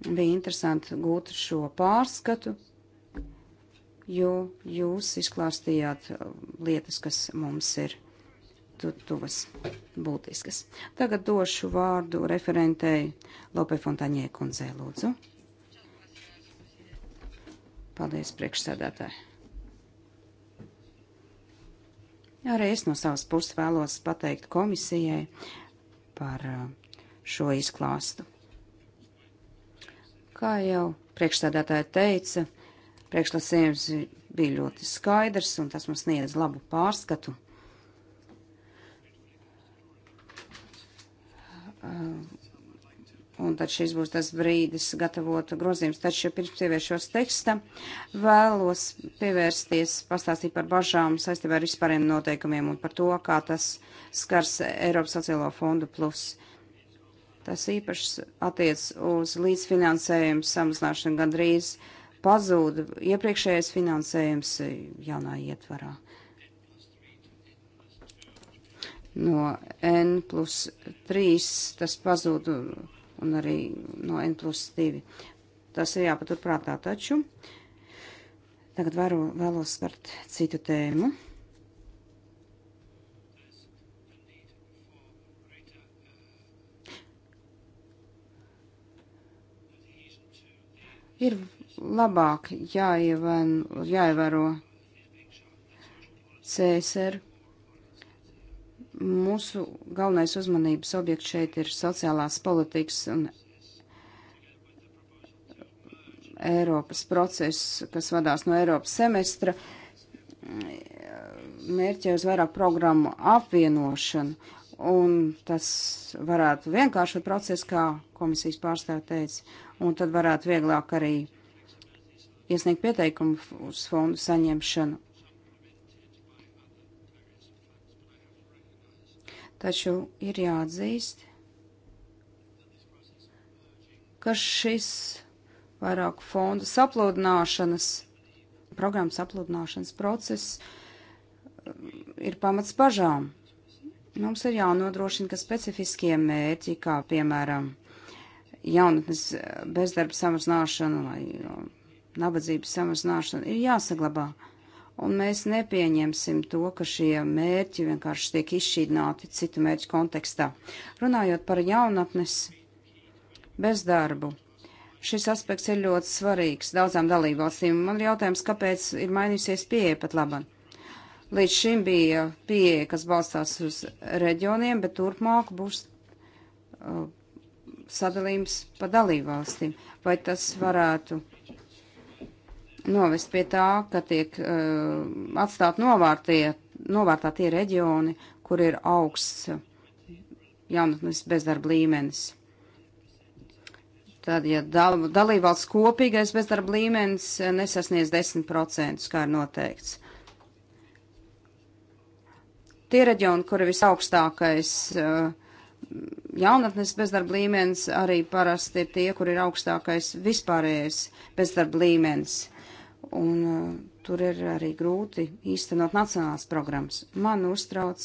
Bija interesanti gūt šo pārskatu, jo jūs izklāstījāt um, lietas, kas mums ir tu, tuvas būtiskas. Tagad došu vārdu referentei Lope Fontaņē kundzei lūdzu. Paldies priekšsēdētāji. Arī es no savas puses vēlos pateikt komisijai par uh, šo izklāstu. Kā jau priekšstādātāja teica, priekšlasījums bija ļoti skaidrs un tas mums sniedz labu pārskatu un tad šis būs tas brīdis gatavot grozījums. Taču pirms pievēršos tekstam vēlos pievērsties, pastāstīt par bažām saistībā ar vispāriem noteikumiem un par to, kā tas skars Eiropas sociālo fondu plus. Tas īpaši attiec uz līdzfinansējumu samazināšanu gandrīz pazūda iepriekšējais finansējums jaunā ietvarā. No N plus 3 tas pazūda un arī no N plus 2. Tas ir jāpaturprātā taču. Tagad varu, vēlos spērt citu tēmu. Ir labāk jāievēro CSR Mūsu galvenais uzmanības objekts šeit ir sociālās politikas un Eiropas process, kas vadās no Eiropas semestra, mērķē uz vairāk programmu apvienošanu. Un tas varētu vienkārši process, kā komisijas pārstāv teica, un tad varētu vieglāk arī iesniegt pieteikumu uz fondu saņemšanu Taču ir jāatzīst, ka šis vairāk fondu sapludināšanas, programmas sapludināšanas process um, ir pamats bažām. Mums ir jānodrošina, ka specifiskie mērķi, kā piemēram jaunatnes eh, bezdarba samazināšana vai um, nabadzības samazināšana, ir jāsaglabā. Un mēs nepieņemsim to, ka šie mērķi vienkārši tiek izšķīdināti citu mērķu kontekstā. Runājot par jaunatnes bezdarbu, šis aspekts ir ļoti svarīgs daudzām dalībvalstīm. Man ir jautājums, kāpēc ir mainījusies pieeja pat labam. Līdz šim bija pieeja, kas balstās uz reģioniem, bet turpmāk būs uh, sadalījums pa dalībvalstīm. Vai tas varētu novest pie tā, ka tiek uh, atstāt novārtie, novārtā tie reģioni, kur ir augsts jaunatnes bezdarba līmenis. Tad, ja dal, dalībvalsts kopīgais bezdarba līmenis eh, nesasniedz 10%, kā ir noteikts. Tie reģioni, kur ir visaugstākais uh, jaunatnes bezdarba līmenis, arī parasti ir tie, kur ir augstākais vispārējais bezdarba līmenis un uh, tur ir arī grūti īstenot nacionālās programmas. Man uztrauc,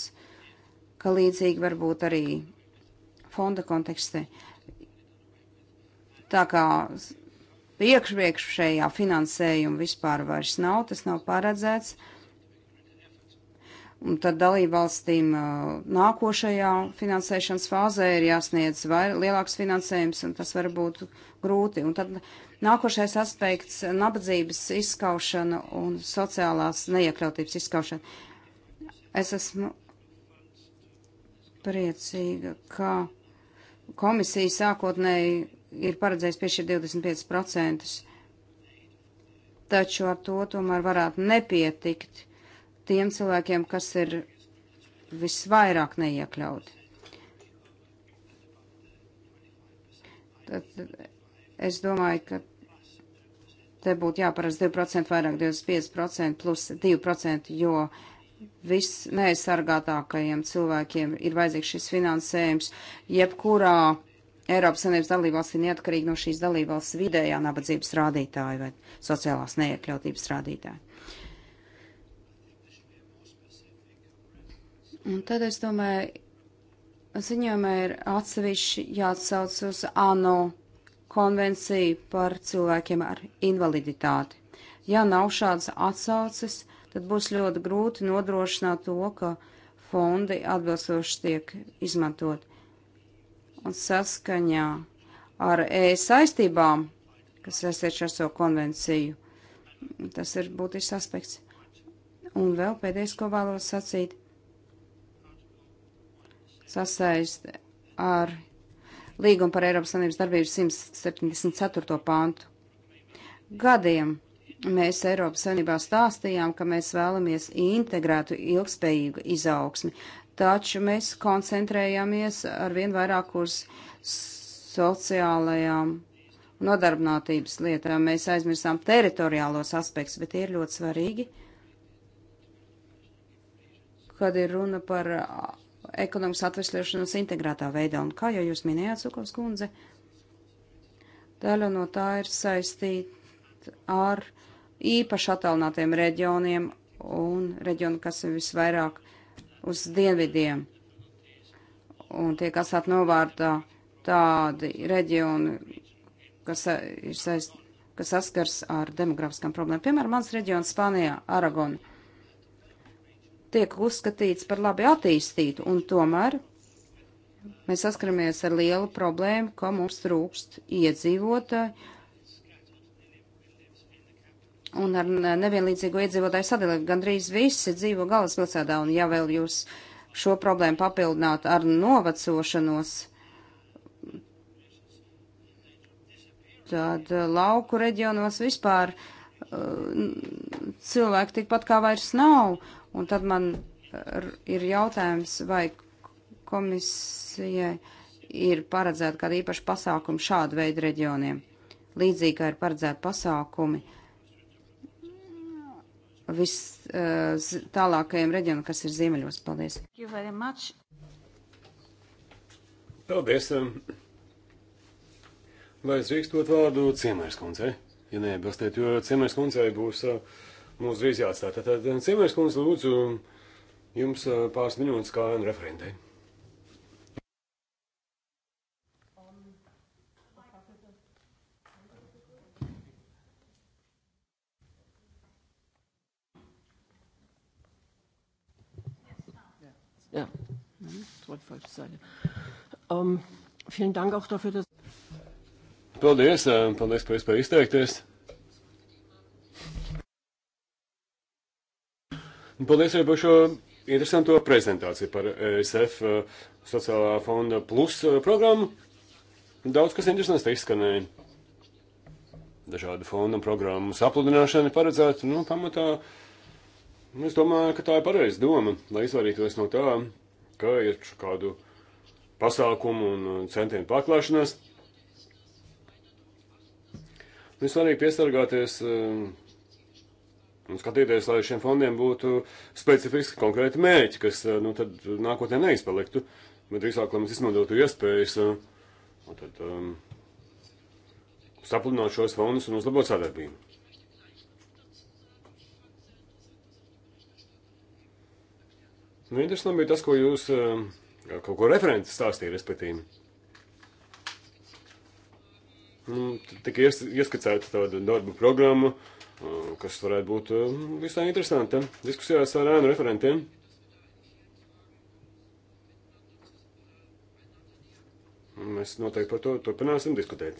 ka līdzīgi varbūt arī fonda kontekstē. Tā kā priekšviekšējā finansējuma vispār vairs nav, tas nav paredzēts. Un tad dalībvalstīm eh, nākošajā finansēšanas fāzē ir jāsniedz vai lielāks finansējums, un tas var būt grūti. Un tad Nākošais aspekts - nabadzības izskaušana un sociālās neiekļautības izskaušana. Es esmu priecīga, ka komisija sākotnēji ir paredzējis piešķirt 25%, taču ar to tomēr varētu nepietikt tiem cilvēkiem, kas ir visvairāk neiekļauti. Tad es domāju, ka te būtu jāparas 2% vairāk, 25% plus 2%, jo viss neaizsargātākajiem cilvēkiem ir vajadzīgs šis finansējums. Jebkurā Eiropas Savienības dalībvalstī neatkarīgi no šīs dalībvalsts vidējā nabadzības rādītāja vai sociālās neiekļautības rādītāja. Un tad es domāju, ziņojumā ir atsevišķi jāatsauc uz ANO konvenciju par cilvēkiem ar invaliditāti. Ja nav šādas atsauces, tad būs ļoti grūti nodrošināt to, ka fondi atbilstoši tiek izmantot. Un saskaņā ar ES saistībām, kas saistīts ar šo so konvenciju, tas ir būtisks aspekts. Un vēl pēdējais, ko vēlos sacīt, sasaist ar līguma par Eiropas Savienības darbību 174. pāntu. Gadiem mēs Eiropas Savienībā stāstījām, ka mēs vēlamies integrētu ilgspējīgu izaugsmi, taču mēs koncentrējāmies ar vien vairāk uz sociālajām nodarbinātības lietām. Mēs aizmirstām teritoriālos aspektus, bet tie ir ļoti svarīgi, kad ir runa par ekonomikas atvesļošanos integrētā veidā. Un kā jau jūs minējāt, Zukovs kundze, daļa no tā ir saistīta ar īpaši attālinātiem reģioniem un reģionu, kas ir visvairāk uz dienvidiem. Un tie, kas atnovārtā tādi reģioni, kas ir saistīti kas saskars ar demografiskām problēmām. Piemēram, mans reģions Spānijā, Aragona tiek uzskatīts par labi attīstītu, un tomēr mēs saskaramies ar lielu problēmu, ka mums trūkst iedzīvotāji un ar nevienlīdzīgu iedzīvotāju sadalību. Gandrīz visi dzīvo galvaspilsētā, un ja vēl jūs šo problēmu papildināt ar novecošanos, tad eh, lauku reģionos vispār eh, cilvēki tikpat kā vairs nav, Un tad man ir jautājums, vai komisijai ir paredzēta kāda īpaša pasākuma šāda veida reģioniem. Līdzīgi kā ir paredzēta pasākumi vis uh, tālākajiem reģionam, kas ir ziemeļos. Paldies! Paldies! Vai es rīkstot vārdu ciemērs kundzei? Ja neiebilstiet, jo ciemērs kundzei būs uh, mums drīz jāatstāj. Tātad, Ciemērs kundze, lūdzu, jums pāris minūtes kā referentei. Ja, mhm, das wollte falsch sein. Um, ähm, vielen Dank auch dafür, dass. Paldies, paldies par iespēju izteikties. Un paldies arī par šo interesanto prezentāciju par ESF e, sociālā fonda plus e, programmu. Daudz kas interesants te izskanēja. Dažādu fondu un programmu sapludināšana paredzēta, nu, pamatā. Nu, es domāju, ka tā ir pareiza doma, lai izvairītos no tā, ka ir kādu pasākumu un e, centienu pārklāšanās. Nu, ir svarīgi piesargāties Un skatīties, lai šiem fondiem būtu specifiski konkrēti mērķi, kas eh, nu, tad nākotnē neizpaliktu, bet drīzāk, lai mēs izmantotu iespējas eh, un tad, um, saplināt šos fondus un uzlabot sadarbību. Nu, interesanti bija tas, ko jūs um, kaut ko referents stāstīja, respektīvi. Nu, tika ieskicēta tāda darba programma, uh, Eh, kas varētu būt eh, visai interesanta diskusijās ar ēnu referentiem. Mēs noteikti par to turpināsim diskutēt.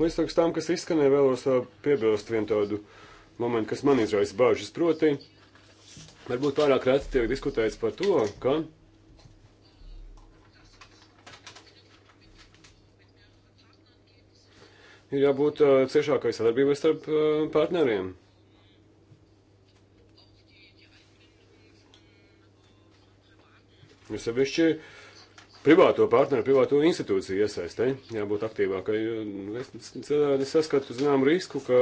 Līdz tam, kas izskanēja, vēlos eh, piebilst vienu tādu momentu, kas man izraisa bāžas. Proti, varbūt pārāk reti tiek diskutēts par to, ka ir jābūt uh, ciešākai sadarbībai starp uh, partneriem. Ir sevišķi privāto partneru, privāto institūciju iesaistē, jābūt aktīvākai. Es saskatu zinām risku, ka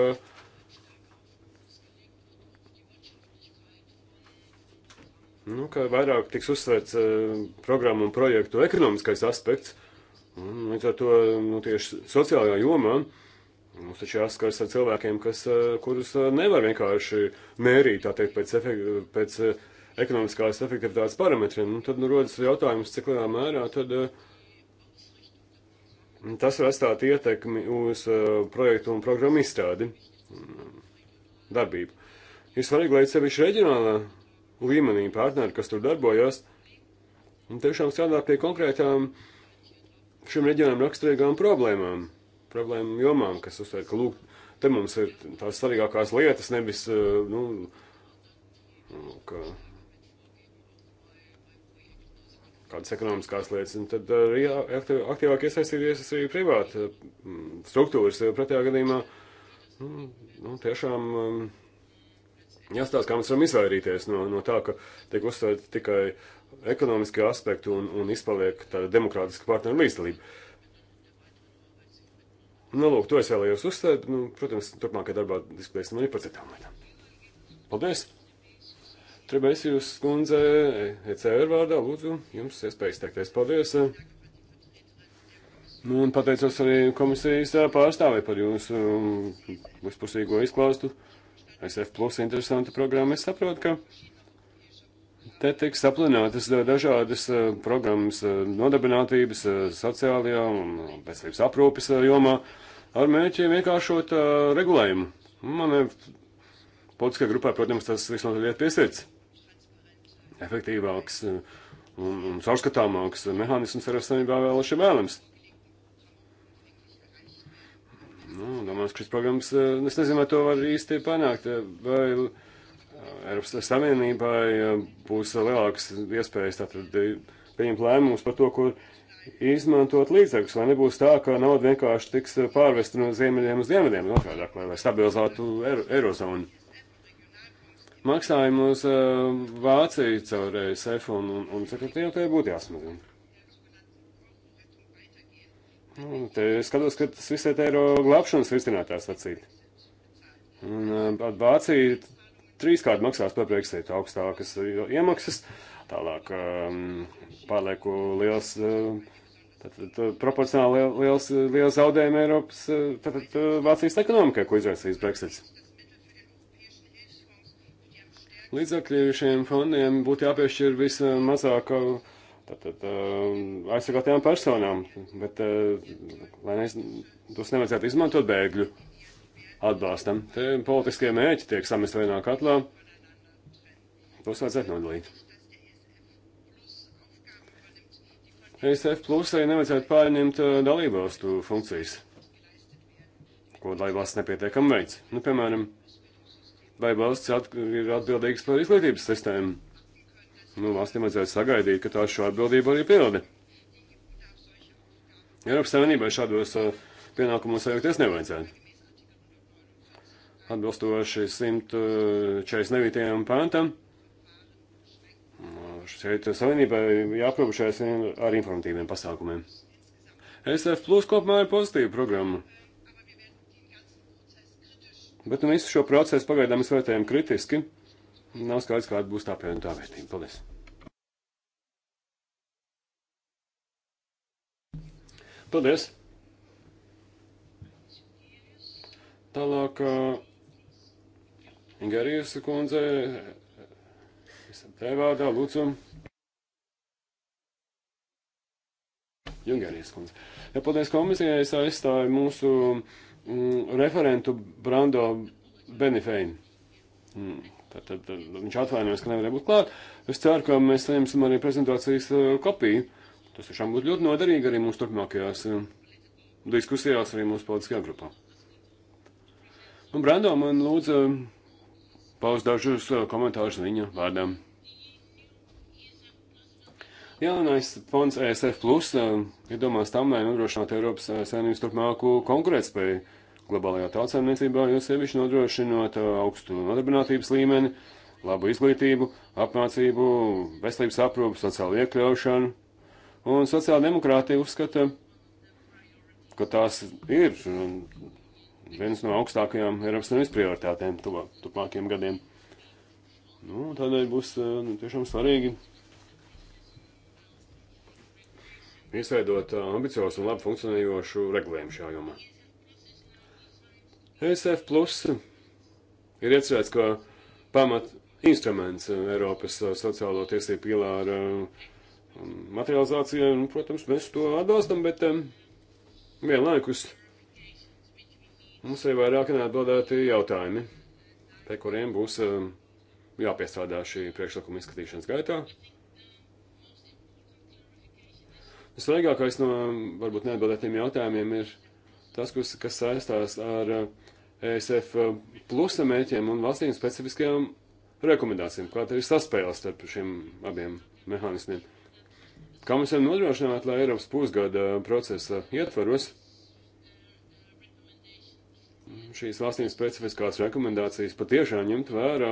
nu, ka vairāk tiks uzsvērts uh, programmu un projektu ekonomiskais aspekts, uh, Un, mm, līdz ar to nu, tieši sociālajā jomā mums taču jāskars ar cilvēkiem, kas, eh, kurus eh, nevar vienkārši mērīt, tā teikt, pēc, efekt, pēc eh, ekonomiskās efektivitātes parametriem. Un nu, tad nu, rodas jautājums, cik lielā mērā tad, tas var atstāt ietekmi uz projektu un programmu izstādi darbību. Ir svarīgi, lai sevišķi reģionālā līmenī partneri, kas tur darbojas, tiešām strādā pie konkrētām uh, šim reģionam raksturīgām problēmām, problēmu jomām, kas uzsver, ka lūk, te mums ir tās svarīgākās lietas, nevis, eh, nu, nu, ka kādas ekonomiskās lietas, un tad arī aktīvāk iesaistīties arī privāta eh, struktūras, jo pretējā gadījumā, nu, nu tiešām eh, jāstāsta, kā mēs varam izvairīties no, no tā, ka tiek uzsvērta tikai uh, ekonomiskie aspekti un, un izpaliek tāda demokrātiska partneru līdzdalība. Nu, lūk, to es vēlējos uzstāt. Nu, protams, turpmākajā darbā diskutēsim arī par citām lietām. Paldies! Trebēsijus skundze, ECR vārdā, lūdzu, jums iespēja izteikties. Paldies! Nu, un pateicos arī komisijas pārstāvē par jūsu um, vispusīgo izklāstu. SF plus interesanta programma. Es saprotu, ka Te tiks aplinātas dažādas eh, programmas eh, nodarbinātības, eh, sociālajā un veselības aprūpes jomā ar mērķi vienkāršot regulējumu. Manai politiskajai grupai, protams, tas visnotaļ iet piesirds. Efektīvāks un, un caurskatāmāks mehānisms ar savienībā vēl šim vēlams. Nu, domās, ka šis programmas, es nezinu, vai to var īsti panākt, vai Eiropas Savienībai būs lielākas iespējas tātad pieņemt lēmumus par to, kur izmantot līdzekļus, lai nebūs tā, ka nauda vienkārši tiks pārvesta no ziemeļiem uz dienvidiem, otrādāk, lai, lai stabilizētu eirozonu. Maksājumu uz uh, Vāciju caur ESF un, un, un sekretāriem te būtu jāsmazina. Nu, te skatos, ka tas viss ir eiro glābšanas virstinātājs sacīt. Un uh, Vācija trīskārt maksās par Brexit augstākas iemaksas, tālāk um, pārlieku liels, tātad uh, proporcionāli liels, liels zaudējumi Eiropas, tātad uh, uh, Vācijas ekonomikai, ko izraisīs Brexits. Līdzakļi šiem fondiem būtu jāpiešķir vismazāk tātad aizsargātajām personām, bet lai ne, tos nevajadzētu izmantot bēgļu atbalstam. Te politiskie mēķi tiek samest vienā katlā. Tos vajadzētu nodalīt. ESF plusai nevajadzētu pārņemt eh, dalībvalstu funkcijas, ko dalībvalsts nepietiekam veids. Nu, piemēram, vai valsts at ir atbildīgs par izglītības sistēmu? Nu, valstīm vajadzētu sagaidīt, ka tā šo atbildību arī pilda. Eiropas Savienībai šādos eh, pienākumos sajūties nevajadzētu atbilstoši 149. pantam. Šeit savienībai jāaprobežojas ar informatīviem pasākumiem. SF Plus kopumā ir pozitīva programma. Bet nu, visu šo procesu pagaidām mēs vērtējam kritiski. Nav skaidrs, kāda būs tā pievienotā vērtība. Paldies! Paldies! Tālāk. Uh... Ingarijas kundze, esam tev vārdā, lūdzu. Jungarijas kundze. Ja paldies komisijai, es aizstāju mūsu mm, referentu Brando Benifeinu. Mm. Tad, tad, tad viņš atvainojas, ka nevarēja būt klāt. Es ceru, ka mēs saņemsim arī prezentācijas eh, kopiju. Tas tiešām būtu ļoti noderīgi arī mūsu turpmākajās eh, diskusijās, arī mūsu politiskajā grupā. Un Brando man lūdza paust dažus uh, komentārus viņa vārdām. Jaunais fonds ESF Plus uh, ir domās tam, lai nodrošinātu Eiropas uh, saimnības turpmāku konkurētspēju globālajā tautsēmniecībā, jo sevišķi nodrošinot augstu nodarbinātības līmeni, labu izglītību, apmācību, veselības aprūpu, sociālu iekļaušanu. Un sociāla demokrātija uzskata, ka tās ir viens no augstākajām Eiropas Savienības prioritātēm tuvākiem gadiem. Nu, tādēļ būs eh, nu, tiešām svarīgi izveidot eh, ambiciozu un labi funkcionējošu regulējumu šajā jomā. ESF plus ir iecerēts, ka pamat instruments eh, Eiropas sociālo tiesību pīlāra materializācijai, un, protams, mēs to atbalstam, bet vienlaikus Mums ir vairāki neatbildēti jautājumi, pie kuriem būs um, jāpiestrādā šī priekšlikuma izskatīšanas gaitā. Svarīgākais no um, varbūt neatbildētiem jautājumiem ir tas, kas, kas saistās ar uh, ESF uh, plusa mēķiem un valstīm specifiskajām rekomendācijām, kā ir saspēles starp šiem abiem mehānismiem. Kā mums ir nodrošināt, lai Eiropas pusgada procesa ietvaros šīs valstīm specifiskās rekomendācijas patiešām ņemt vērā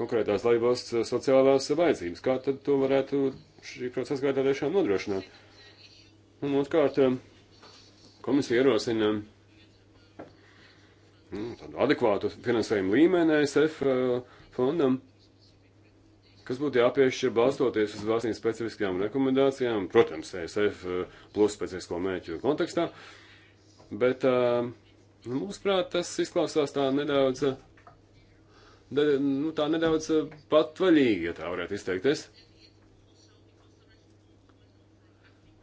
konkrētās laivvalsts eh, sociālās vajadzības. Kā tad to varētu šī procesa gaitā tiešām nodrošināt? Un otrkārt, eh, komisija ierosina nu, tādu adekvātu finansējumu līmeni SF eh, fondam, kas būtu jāpiešķir balstoties uz valstīm specifiskajām rekomendācijām, protams, SF plus specifisko mērķu kontekstā, bet uh, Mūsuprāt, tas izklausās tā nedaudz, da, nu, tā nedaudz patvaļīgi, ja tā varētu izteikties.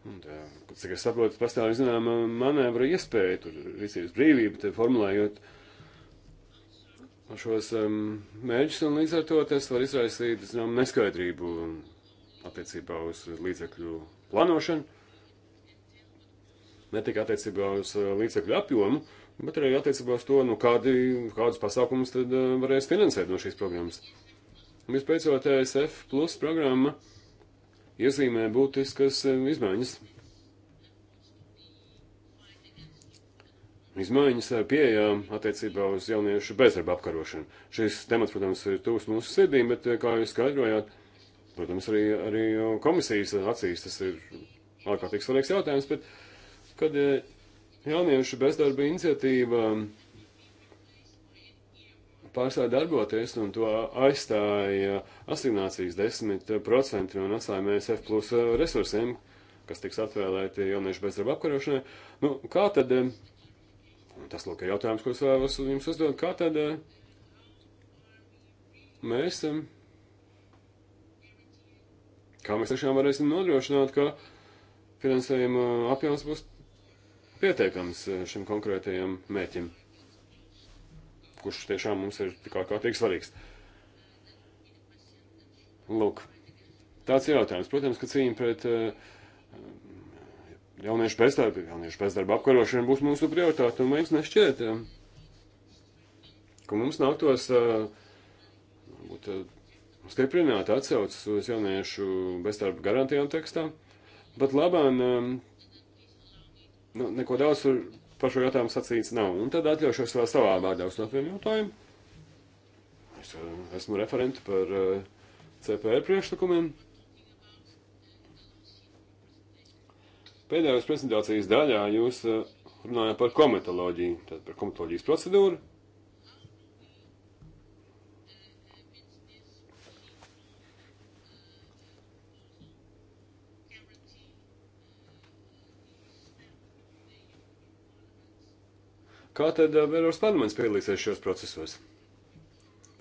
Un, tā, cik es saprotu, pastāv, zinām, manevra iespēja, tur rīcības brīvība, te formulējot šos um, mēģus, un līdz ar to tas var izraisīt, zinām, neskaidrību attiecībā uz līdzekļu plānošanu, ne tikai attiecībā uz uh, līdzekļu apjomu, uh, Bet arī attiecībā uz to, nu, kādi, kādus pasākumus tad eh, varēs finansēt no šīs programmas. Vispēcot, ESF plus programma iezīmē būtiskas eh, izmaiņas. Izmaiņas eh, pieejām attiecībā uz jauniešu bezdarba apkarošanu. Šis temats, protams, ir tūs mūsu sirdīm, bet, kā jūs skaidrojāt, protams, arī, arī komisijas acīs tas ir ārkārtīgi svarīgs jautājums, bet kad Jauniešu bezdarba iniciatīva pārstāja darboties un to aizstāja asignācijas 10% no nacionālajiem ESF plus resursiem, kas tiks atvēlēti jauniešu bezdarba apkarošanai. Nu, kā tad, tas lūk ir jautājums, ko es vēlos jums uzdot, kā tad mēs, kā mēs tiešām varēsim nodrošināt, ka finansējuma apjoms būs pietiekams eh, šim konkrētajam mēķim, kurš tiešām mums ir tik ārkārtīgi svarīgs. Lūk, tāds ir jautājums. Protams, ka cīņa pret eh, jauniešu bezdarbu, jauniešu bezdarbu apkarošanu būs mūsu prioritāte, un mums nešķiet, eh, ka mums nāktos varbūt, stiprināt atsaucas uz jauniešu bezdarbu garantijām tekstā, bet labāk Nu, neko daudz tur par šo jautājumu sacīts nav. Un tad atļaušos vēl savā vārdā uzdot vienu jautājumu. Es uh, esmu referenti par uh, CPR priekšlikumiem. Pēdējās prezentācijas daļā jūs uh, runājāt par komitoloģiju, tad par komitoloģijas procedūru. Kā tad um, Eiropas parlaments piedalīsies šajos procesos?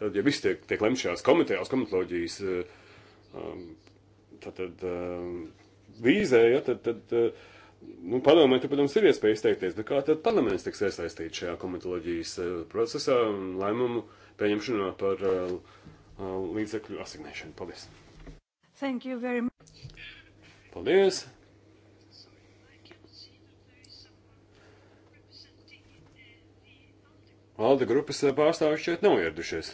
Tad, ja viss tiek, tiek lemts šajās komitejās, komitoloģijas, uh, um, tad, tad um, vīzē, ja, tad, tad uh, nu, padomē, tur, protams, ir iespēja izteikties, bet kā tad parlaments tiks iesaistīts šajā komitoloģijas uh, procesā un lēmumu pieņemšanā par līdzekļu asignēšanu? Paldies! Thank you very much. Paldies! Alda grupas pārstāvis šeit nav ieradušies.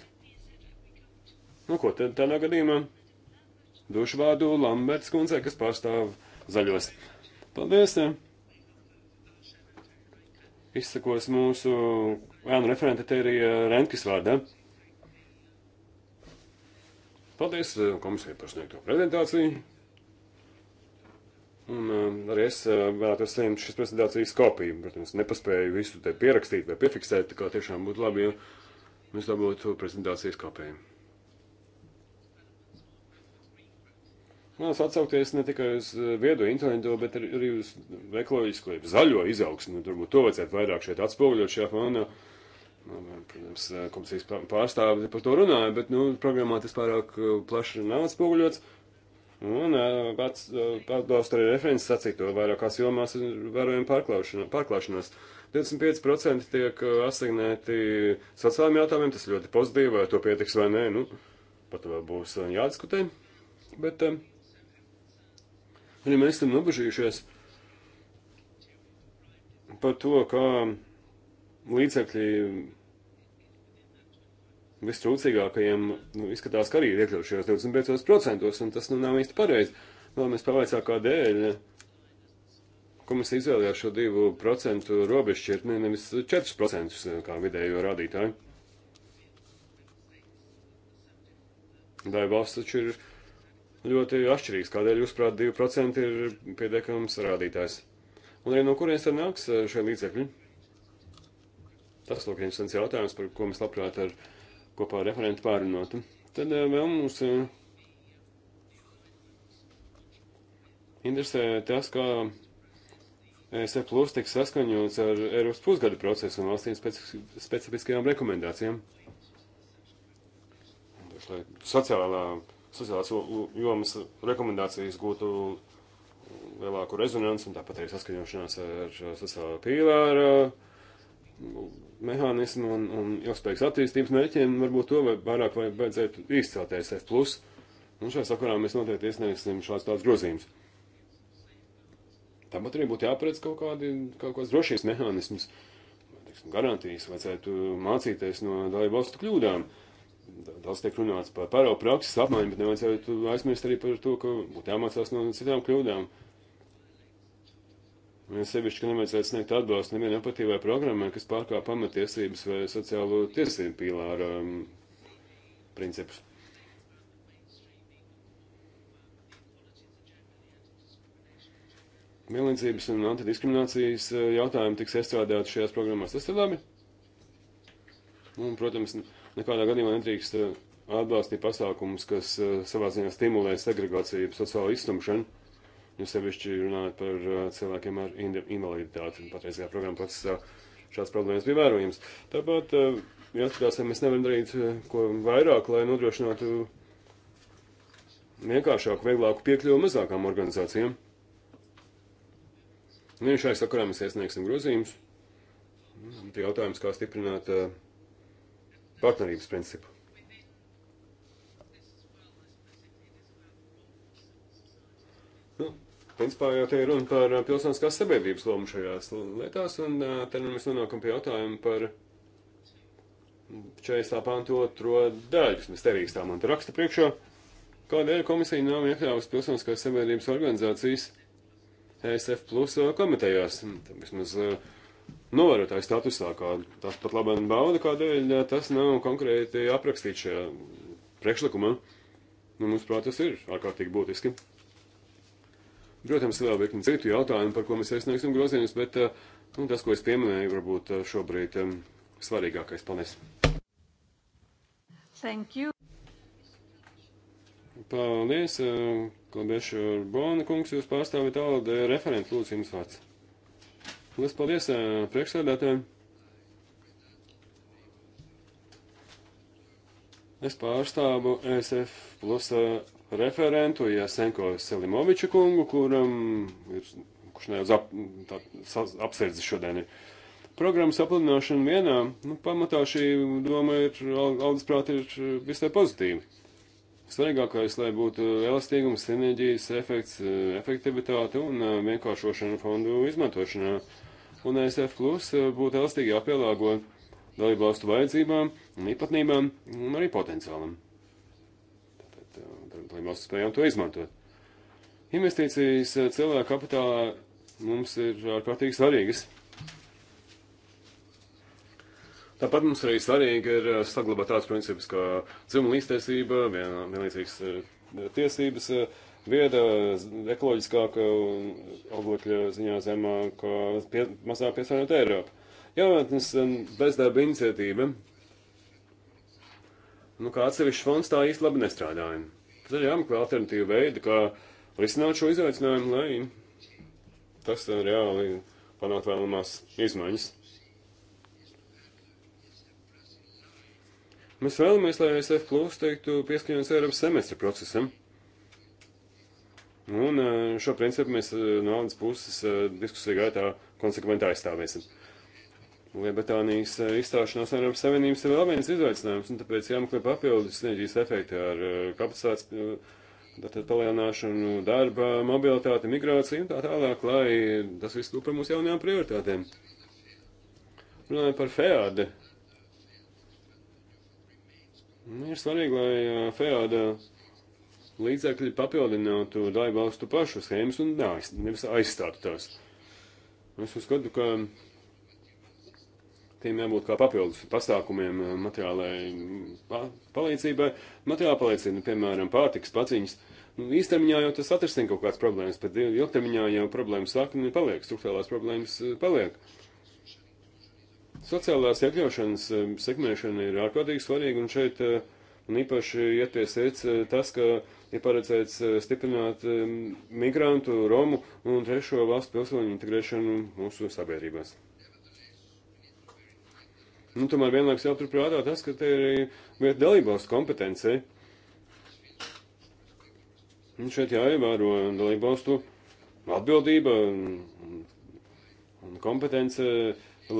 Nu, ko tad tādā gadījumā? Došu vārdu Lamberts kundzei, kas pārstāv zaļos. Paldies! Eh. Izsakos mūsu ēnu referente Tērija eh, Renkis vārdā. Paldies eh, komisijai par sniegto prezentāciju. Un um, arī es uh, vēlētos saņemt šīs prezentācijas kopiju. Protams, nepaspēju visu te pierakstīt vai piefiksēt, tā kā tiešām būtu labi, ja mēs dabūtu prezentācijas kopiju. Vēlos atsaukties ne tikai uz uh, viedo intelektu, bet arī uz ekoloģisko, jeb zaļo izaugsmu. Nu, turbūt to vajadzētu vairāk šeit atspoguļot šajā fonā. Nu, protams, uh, komisijas pārstāvi par to runāja, bet, nu, programmā tas pārāk uh, plaši nav atspoguļots. Un kāds atbalsta arī referents sacīto, vairākās jomās ir vērojama pārklāšanās. 25% tiek asignēti sociālajiem jautājumiem, tas ļoti pozitīvi, vai to pietiks vai nē, nu, pat vēl būs jādiskutē. Bet arī mēs tam nobežījušies par to, kā līdzekļi vistrūcīgākajiem nu, izskatās, ka arī ir iekļauts šajos 25%, un tas nu nav īsti pareizi. Vēlamies pavaicāt, kādēļ komisija izvēlējās šo 2% robežšķirtni, nevis 4% kā vidējo rādītāju. Dai valsts taču ir ļoti atšķirīgs, kādēļ jūs prāt 2% ir pietiekams rādītājs. Un arī no kurienes tad nāks eh, šie līdzekļi? Tas, lūk, ir interesants jautājums, par ko mēs labprāt ar kopā ar referentu pārunātu. Tad eh, vēl mums eh, interesē tas, kā ESE e plus tiks saskaņots ar Eiropas pusgada procesu un valstīm specifiskajām rekomendācijām. Lai sociālā, sociālās jomas rekomendācijas gūtu lielāku rezonanci un tāpat arī saskaņošanās ar sociālā pīlāra mehānismu un, un ilgspējīgas attīstības mērķiem, varbūt to vai vairāk vai vajadzētu izcelt ESF plus. Un šajā sakarā mēs noteikti iesniegsim šāds tāds grozījums. Tāpat arī būtu jāparedz kaut kādi, kaut kāds drošības mehānismus, teiksim, garantijas, vajadzētu mācīties no dalību valstu kļūdām. Daudz tiek runāts par paraugu prakses apmaiņu, bet nevajadzētu aizmirst arī par to, ka būtu jāmācās no citām kļūdām. Uh, Sevišķi, ka nevajadzētu sniegt atbalstu nevienai patīvai programmai, kas pārkāp pamatiesības vai sociālo tiesību pīlāra um, principus. Vienlīdzības un antidiskriminācijas uh, jautājumi tiks iestrādāti šajās programmās. Tas ir labi. Un, protams, nekādā gadījumā nedrīkst uh, atbalstīt pasākumus, kas uh, savā ziņā stimulē segregāciju, sociālo iztumšanu jo nu, sevišķi runājot par uh, cilvēkiem ar invaliditāti. Patreizajā programma procesā uh, šāds problēmas bija vērojams. Tāpat uh, jāskatās, vai mēs nevaram darīt ko vairāk, lai nodrošinātu vienkāršāku, vieglāku piekļuvu mazākām organizācijām. Nu, šai sakarā mēs iesniegsim grozījumus. Jautājums, kā stiprināt partnerības principu. principā jau te ir runa par uh, pilsoniskās sabiedrības lomu šajās lietās, un uh, te nu mēs nonākam pie jautājuma par 40. pantu otro daļu, kas mēs te rīkstā man te raksta priekšā. Kādēļ komisija nav iekļāvusi pilsoniskās sabiedrības organizācijas ESF plus uh, komitejās? Tad vismaz novērotāju statusā, kā tas pat labāk bauda, kādēļ tas nav konkrēti aprakstīts šajā priekšlikumā. Nu, mums, prāt, tas ir ārkārtīgi būtiski. Protams, ir vēl virkni citu jautājumu, par ko mēs iesniegsim grozījumus, bet eh, nu, tas, ko es pieminēju, varbūt eh, šobrīd um, svarīgākais. Paldies! Thank you! Paldies, Klabeša Bona kungs, jūs pārstāvjat ALDE referentu, lūdzu, jums vārds. Lielas paldies priekšsēdētājiem! Es pārstāvu ESF plus referentu Jasenko Selimoviču kungu, kuram ir, kurš nedaudz ap, tā, apsēdzi šodien ir. Programmas apludināšana vienā, nu, pamatā šī doma ir, Aldis prāt, ir visai pozitīva. Svarīgākais, lai būtu elastīgums, sinerģijas efekts, efektivitāte un uh, vienkāršošana fondu izmantošanā. Un ESF plus uh, būtu elastīgi jāpielāgo dalībvalstu vajadzībām un īpatnībām un arī potenciālam lai mēs spējam to izmantot. Investīcijas eh, cilvēka kapitālā mums ir ārkārtīgi svarīgas. Tāpat mums arī svarīgi ir eh, saglabāt tādus principus kā dzimuma līdztiesība, vienlīdzīgas eh, tiesības, vieda, ekoloģiskāka un oglekļa ziņā zemāka, pie, mazāk piesārņot Eiropu. Jaunatnes bezdarba iniciatīva. Nu, kā atsevišķi fonds tā īsti labi nestrādājam. Tad ir jāmeklē alternatīva veida, kā risināt šo izaicinājumu, lai tas uh, reāli panākt vēlamās izmaiņas. Mēs vēlamies, lai SF Plus teiktu pieskaņots Eiropas semestra procesam. Un uh, šo principu mēs uh, no Alnas puses diskusiju gaitā konsekventi aizstāvēsim. Lielbritānijas eh, izstāšanās no Eiropas Savienības ir vēl viens izaicinājums, un tāpēc jāmeklē papildus sinerģijas efekti ar eh, kapacitātes eh, palielināšanu, darba, mobilitāti, migrāciju un tā tālāk, lai tas viss kļūtu par mūsu jaunajām prioritātēm. Runājot par FEAD. Nu, ir svarīgi, lai FEAD līdzekļi papildinātu dalībvalstu pašu schēmas un nevis aizstātu tās. Es uzskatu, ka tiem jābūt kā papildus pasākumiem eh, materiālai palīdzībai. Materiāla palīdzība, piemēram, pārtiks, paciņas. Nu, īstermiņā jau tas atrisin kaut kādas problēmas, bet ilgtermiņā jau problēmas sakni paliek, struktūrālās problēmas eh, paliek. Sociālās iekļaušanas eh, sekmēšana ir ārkārtīgi svarīga, un šeit un īpaši iet pie sirds tas, ka ir paredzēts stiprināt migrantu, romu un trešo valstu pilsoņu integrēšanu mūsu sabiedrībās. Nu, tomēr vienlaikus jāturprātā tas, ka te ir vieta dalībvalstu kompetencija. Un šeit jāievēro dalībvalstu atbildība un kompetence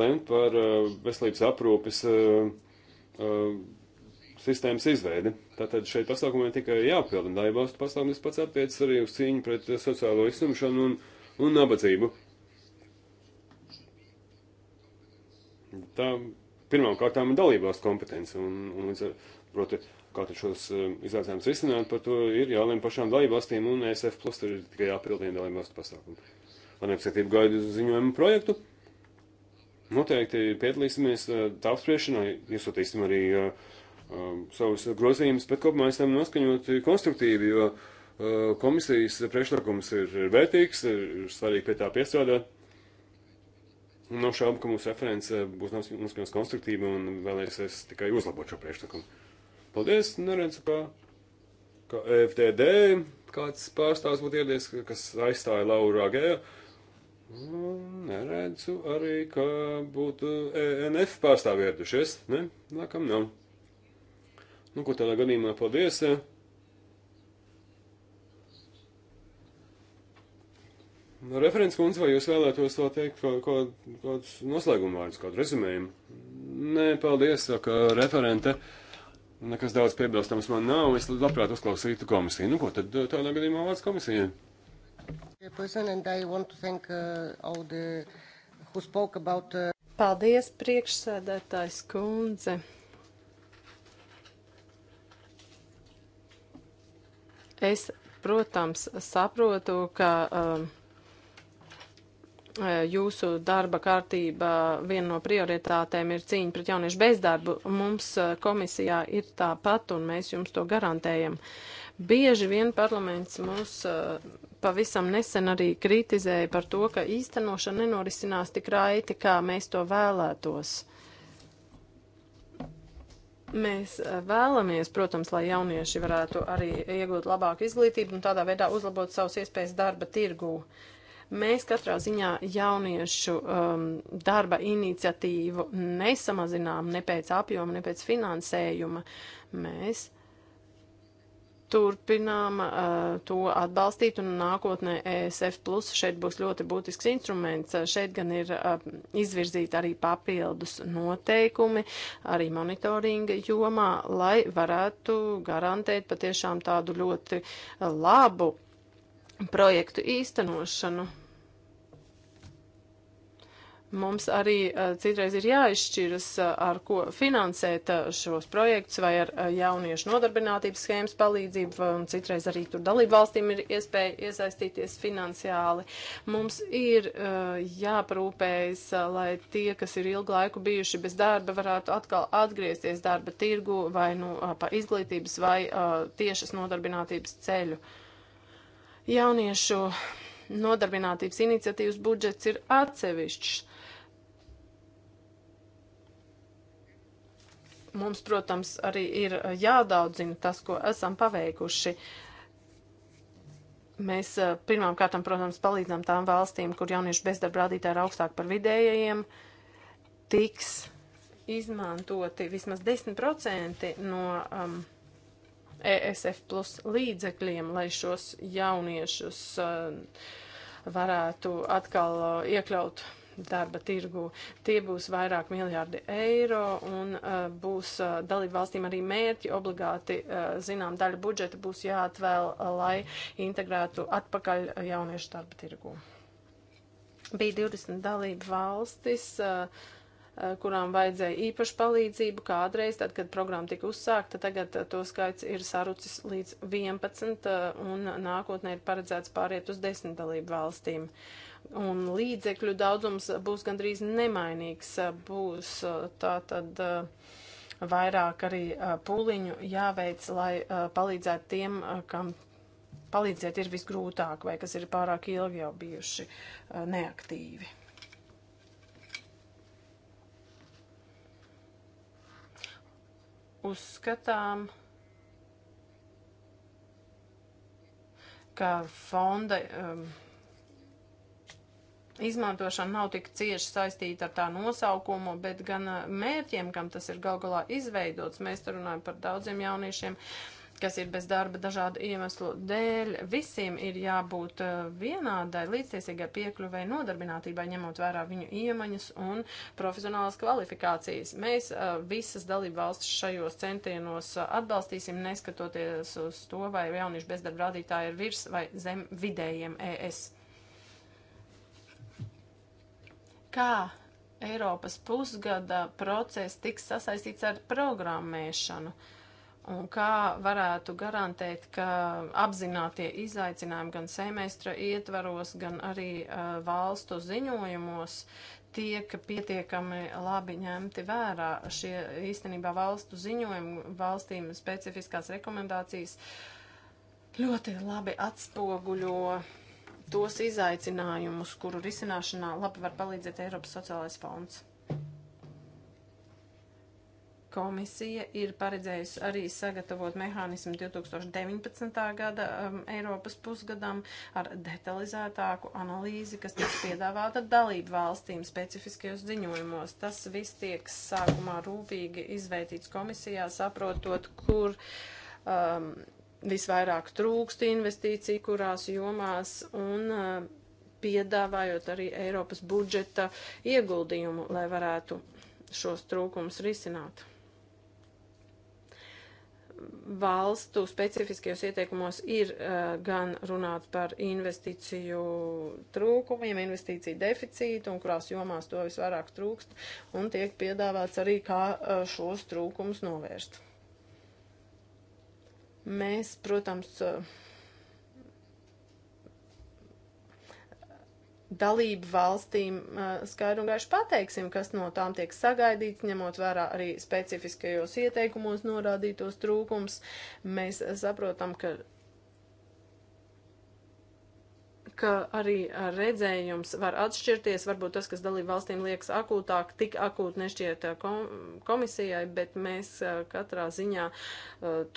lemt par eh, veselības aprūpes eh, eh, sistēmas izveidi. Tātad šeit pasākumiem tikai jāapvild, un dalībvalstu pasākums pats attiecas arī uz cīņu pret sociālo izsumšanu un, un nabadzību. Tā pirmām kārtām ir dalībās kompetence. Un, un līdz ar, proti, kā tad šos eh, izaicinājumus risināt, par to ir jālem pašām dalībvalstīm, un ESF plus tur ir tikai jāpildina dalībvalstu pasākumi. Ar nepacietību gaidu ziņojumu projektu. Noteikti piedalīsimies eh, tā apspriešanā, iesūtīsim arī uh, savus grozījumus, bet kopumā esam noskaņoti konstruktīvi, jo uh, komisijas priekšlikums ir vērtīgs, ir svarīgi pie tā piestrādāt. Nav šaubu, ka mūsu reference eh, būs noskaņots konstruktīvi un vēlēsies tikai uzlabot šo priekšlikumu. Paldies, neredzu, ka, ka e FDD kāds pārstāvs būtu ieradies, kas aizstāja Lauru Agēju. Neredzu arī, ka būtu ENF pārstāvi ieradušies, ne? Nākam nav. Nu, ko tādā gadījumā paldies. Ja? Eh, No nu, referents kundze, vai jūs vēlētos vēl teikt kaut ko, kādus noslēguma vārdus, kādu rezumējumu? Nē, paldies, saka referente. Nekas daudz piebilstams man nav, es labprāt uzklausītu komisiju. Nu, ko tad tādā gadījumā vārds komisijai? Uh, uh, paldies, priekšsēdētājs kundze. Es, protams, saprotu, ka. Uh, um, Eh, jūsu darba kārtībā viena no prioritātēm ir cīņa pret jauniešu bezdarbu. Mums eh, komisijā ir tāpat, un mēs jums to garantējam. Bieži vien parlaments mūs eh, pavisam nesen arī kritizēja par to, ka īstenošana nenorisinās tik raiti, kā mēs to vēlētos. Mēs vēlamies, protams, lai jaunieši varētu arī iegūt labāku izglītību un tādā veidā uzlabot savus iespējas darba tirgū. Uh, Mēs katrā ziņā jauniešu um, darba iniciatīvu nesamazinām ne pēc apjoma, ne pēc finansējuma. Mēs turpinām uh, to atbalstīt, un nākotnē ESF plus šeit būs ļoti būtisks instruments. Uh, šeit gan ir uh, izvirzīti arī papildus noteikumi, arī monitoringa jomā, lai varētu garantēt patiešām tādu ļoti labu projektu īstenošanu. Mums arī uh, citreiz ir jāizšķiras, uh, ar ko finansēt uh, šos projektus, vai ar uh, jauniešu nodarbinātības schēmas palīdzību, vai, un citreiz arī tur dalību valstīm ir iespēja iesaistīties finansiāli. Mums ir uh, jāparūpējas, uh, lai tie, kas ir ilgu laiku bijuši bez darba, varētu atkal atgriezties darba tirgu vai nu uh, pa izglītības vai uh, tiešas nodarbinātības ceļu. Uh, Jauniešu nodarbinātības iniciatīvas budžets ir atsevišķs. Mums, protams, arī ir jādaudzina tas, ko esam paveikuši. Mēs eh, pirmām kārtām, protams, palīdzam tām valstīm, kur jauniešu bezdarba rādītāji ir augstāk par vidējajiem, tiks izmantoti vismaz 10% no um, ESF plus līdzekļiem, lai šos jauniešus uh, varētu atkal uh, iekļaut darba tirgu. Tie būs vairāk miljārdi eiro un uh, būs uh, dalību valstīm arī mērķi obligāti, uh, zinām, daļa budžeta būs jāatvēl, uh, lai integrētu atpakaļ jauniešu darba tirgu. Bija 20 dalību valstis. Uh, Eh, kurām vajadzēja īpašu palīdzību kādreiz, tad, kad programma tika uzsākta, tagad eh, to skaits ir sarucis līdz 11 eh, un nākotnē ir paredzēts pāriet uz 10 dalību valstīm. Un līdzekļu daudzums būs gandrīz nemainīgs, būs tā tad vairāk arī pūliņu jāveic, lai palīdzētu tiem, kam palīdzēt ir visgrūtāk vai kas ir pārāk ilgi jau bijuši neaktīvi. uzskatām, ka fonda um, izmantošana nav tik cieši saistīta ar tā nosaukumu, bet gan uh, mērķiem, kam tas ir gal galā izveidots. Mēs runājam par daudziem jauniešiem, uh, kas ir bez darba dažādu iemeslu dēļ, visiem ir jābūt eh, vienādai līdztiesīgai piekļuvai nodarbinātībai, ņemot vērā viņu iemaņas un profesionālas kvalifikācijas. Mēs eh, visas dalību valstis šajos centienos eh, atbalstīsim, neskatoties uz to, vai jauniešu bezdarba rādītāji ir virs vai zem vidējiem ES. Kā Eiropas pusgada process tiks sasaistīts ar programmēšanu? Uh, Un kā varētu garantēt, ka apzinātie izaicinājumi gan semestra ietvaros, gan arī uh, valstu ziņojumos tiek pietiekami labi ņemti vērā. Šie īstenībā valstu ziņojumi, valstīm specifiskās rekomendācijas ļoti labi atspoguļo tos izaicinājumus, kuru risināšanā labi var palīdzēt Eiropas sociālais fonds. Komisija ir paredzējusi arī sagatavot mehānismu 2019. gada um, Eiropas pusgadam ar detalizētāku analīzi, kas tiks piedāvāta dalību valstīm specifiskajos ziņojumos. Tas viss tiek sākumā rūpīgi izveitīts komisijā, saprotot, kur. Um, Visvairāk trūkst investīciju, kurās jomās, un uh, piedāvājot arī Eiropas budžeta ieguldījumu, lai varētu šos trūkumus risināt valstu specifiskajos ieteikumos ir uh, gan runāts par investīciju trūkumiem, investīciju deficītu un kurās jomās to visvairāk trūkst, un tiek piedāvāts arī, kā uh, šos trūkumus novērst. Mēs, protams, uh, dalību valstīm eh, skaidri un gaiši pateiksim, kas no tām tiek sagaidīts, ņemot vērā arī specifiskajos ieteikumos norādītos trūkums. Mēs saprotam, ka ka arī redzējums var atšķirties. Varbūt tas, kas dalību valstīm liekas akūtāk, tik akūti nešķiet komisijai, bet mēs katrā ziņā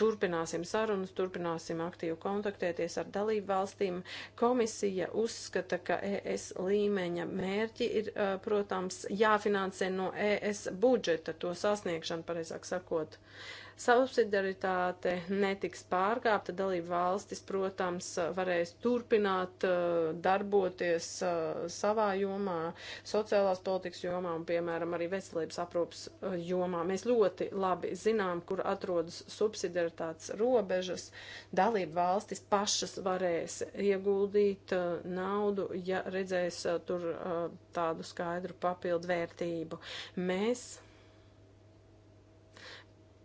turpināsim sarunas, turpināsim aktīvi kontaktēties ar dalību valstīm. Komisija uzskata, ka ES līmeņa mērķi ir, protams, jāfinansē no ES budžeta, to sasniegšanu, pareizāk sakot. Uh, Subsidaritāte netiks pārkāpta, dalība valstis, protams, varēs turpināt eh, darboties eh, savā jomā, sociālās politikas jomā un, piemēram, arī veselības aprūpas eh, jomā. Mēs ļoti labi zinām, kur atrodas subsidaritātes robežas. Dalība valstis pašas varēs ieguldīt naudu, ja redzēs tur tādu skaidru papildu vērtību. Mēs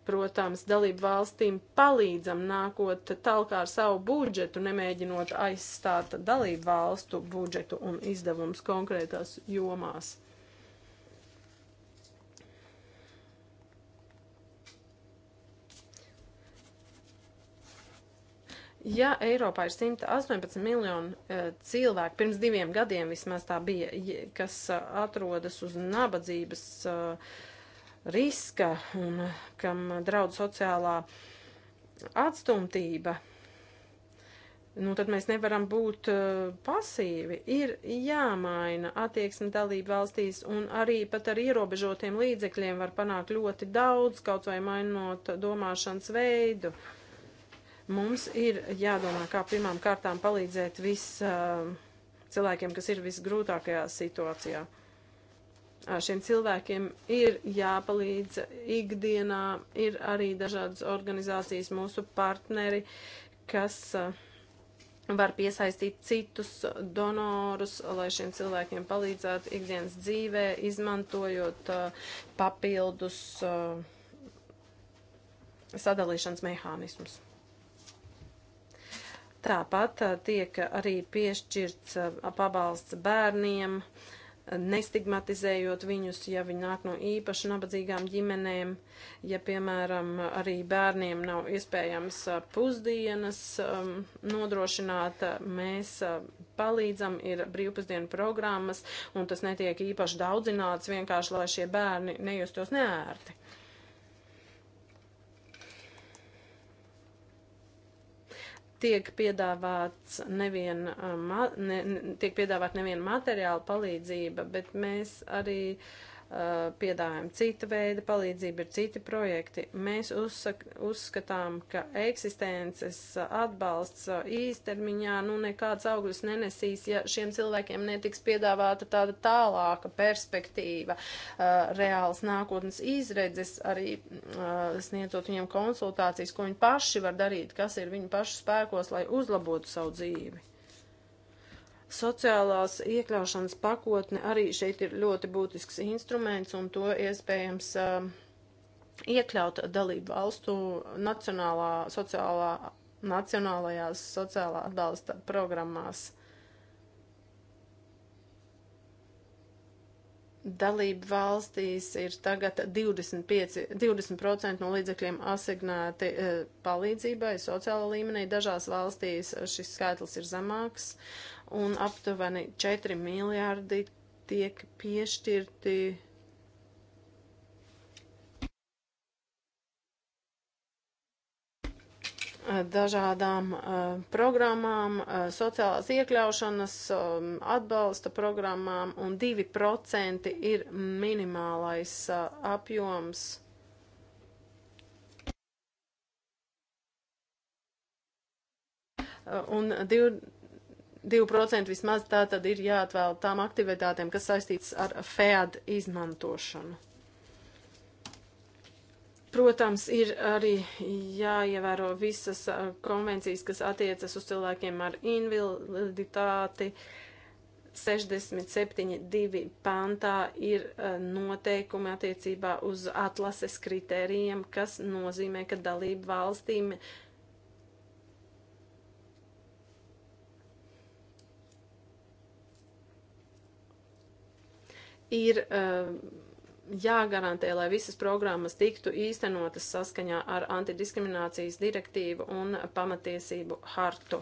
protams, dalību valstīm palīdzam nākot tālāk ar savu budžetu, nemēģinot aizstāt dalību valstu budžetu un izdevums konkrētās jomās. Ja Eiropā ir 118 miljoni e, cilvēku, pirms diviem gadiem vismaz tā bija, kas eh, atrodas uz nabadzības uh, e, riska un kam draud sociālā atstumtība, nu, tad mēs nevaram būt uh, pasīvi. Ir jāmaina attieksme dalību valstīs, un arī pat ar ierobežotiem līdzekļiem var panākt ļoti daudz, kaut vai mainot domāšanas veidu. Mums ir jādomā, kā pirmām kārtām palīdzēt vis uh, cilvēkiem, kas ir visgrūtākajā situācijā šiem cilvēkiem ir jāpalīdz ikdienā, ir arī dažādas organizācijas mūsu partneri, kas uh, var piesaistīt citus donorus, lai šiem cilvēkiem palīdzētu ikdienas dzīvē, izmantojot uh, papildus uh, sadalīšanas mehānismus. Tāpat tiek arī piešķirts pabalsts bērniem, uh, nestigmatizējot viņus, ja viņi nāk no īpaši nabadzīgām ģimenēm, ja, piemēram, arī bērniem nav iespējams pusdienas um, nodrošināt, mēs uh, palīdzam, ir brīvpusdienu programmas, un tas netiek īpaši daudzināts vienkārši, lai šie bērni nejustos neērti. tiek piedāvāts nevien, uh, ma, ne, tiek piedāvāt nevien materiāla palīdzība, bet mēs arī uh, Eh, piedāvājam cita veida palīdzību, ir citi projekti. Mēs uzsak, uzskatām, ka eksistences atbalsts īstermiņā nu nekāds augļus nenesīs, ja šiem cilvēkiem netiks piedāvāta tāda tālāka perspektīva, uh, reāls nākotnes izredzes, arī uh, sniedzot viņiem konsultācijas, ko viņi paši var darīt, kas ir viņu pašu spēkos, lai uzlabotu savu dzīvi. Sociālās iekļaušanas pakotne arī šeit ir ļoti būtisks instruments un to iespējams uh, iekļaut dalību valstu nacionālā sociālā, nacionālajās sociālā atbalsta programmās. dalību valstīs ir tagad 25, 20% no līdzekļiem asignēti eh, palīdzībai sociāla līmenī. Dažās valstīs eh, šis skaitlis ir zemāks, un aptuveni 4 miljārdi tiek piešķirti dažādām uh, programmām, uh, sociālās iekļaušanas um, atbalsta programmām, un 2% ir minimālais uh, apjoms. Uh, un div, 2% vismaz tā tad ir jāatvēl tām aktivitātēm, kas saistītas ar FEAD izmantošanu. Protams, ir arī jāievēro visas konvencijas, kas attiecas uz cilvēkiem ar invaliditāti. 67.2. pantā ir noteikumi attiecībā uz atlases kritērijiem, kas nozīmē, ka dalību valstīm uh, ir uh, jāgarantē, lai visas programmas tiktu īstenotas saskaņā ar antidiskriminācijas direktīvu un pamatiesību hartu.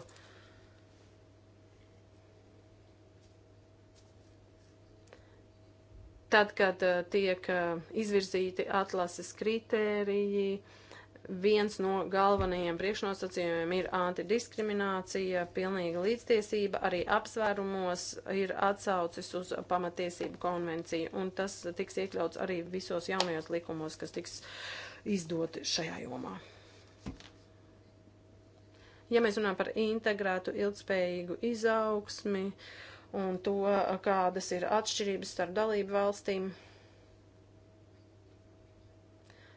Tad, kad uh, tiek uh, izvirzīti atlases kritēriji, uh, viens no galvenajiem priekšnosacījumiem ir antidiskriminācija, pilnīga līdztiesība, arī apsvērumos ir atsaucis uz pamatiesību konvenciju, un tas tiks iekļauts arī visos jaunajos likumos, kas tiks izdoti šajā jomā. Ja mēs runājam par integrētu, ilgspējīgu izaugsmi un to, kādas ir atšķirības starp dalību valstīm,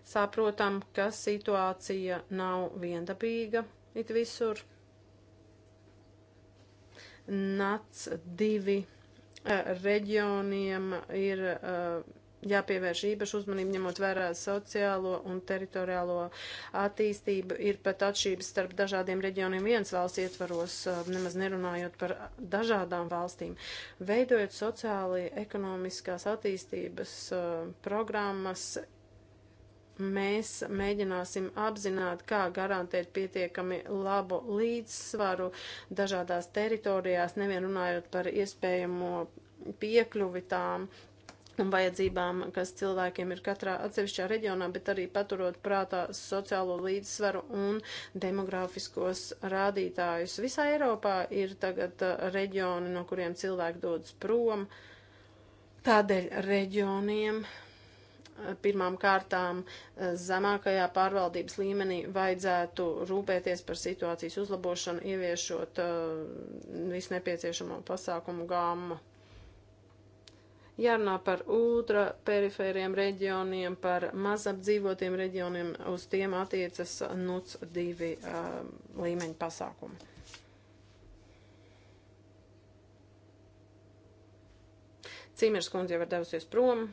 Saprotam, ka situācija nav viendabīga it visur. NAC divi eh, reģioniem ir eh, jāpievērš īpaši uzmanību, ņemot vērā sociālo un teritoriālo attīstību. Ir pat atšķības starp dažādiem reģioniem viens valsts ietvaros, eh, nemaz nerunājot par dažādām valstīm. Veidojot sociāli ekonomiskās attīstības programmas, mēs mēģināsim apzināt, kā garantēt pietiekami labu līdzsvaru dažādās teritorijās, nevien runājot par iespējamo piekļuvi tām un vajadzībām, kas cilvēkiem ir katrā atsevišķā reģionā, bet arī paturot prātā sociālo līdzsvaru un demografiskos rādītājus. Visā Eiropā ir tagad uh, reģioni, no kuriem cilvēki dodas prom. Tādēļ reģioniem pirmām kārtām eh, zemākajā pārvaldības līmenī vajadzētu rūpēties par situācijas uzlabošanu, ieviešot eh, visnepieciešamo pasākumu gāmu. Jārunā par ultraperifēriem reģioniem, par mazapdzīvotiem reģioniem, uz tiem attiecas NUC divi uh, eh, līmeņu pasākumi. Cīmers kundze jau ir devusies prom.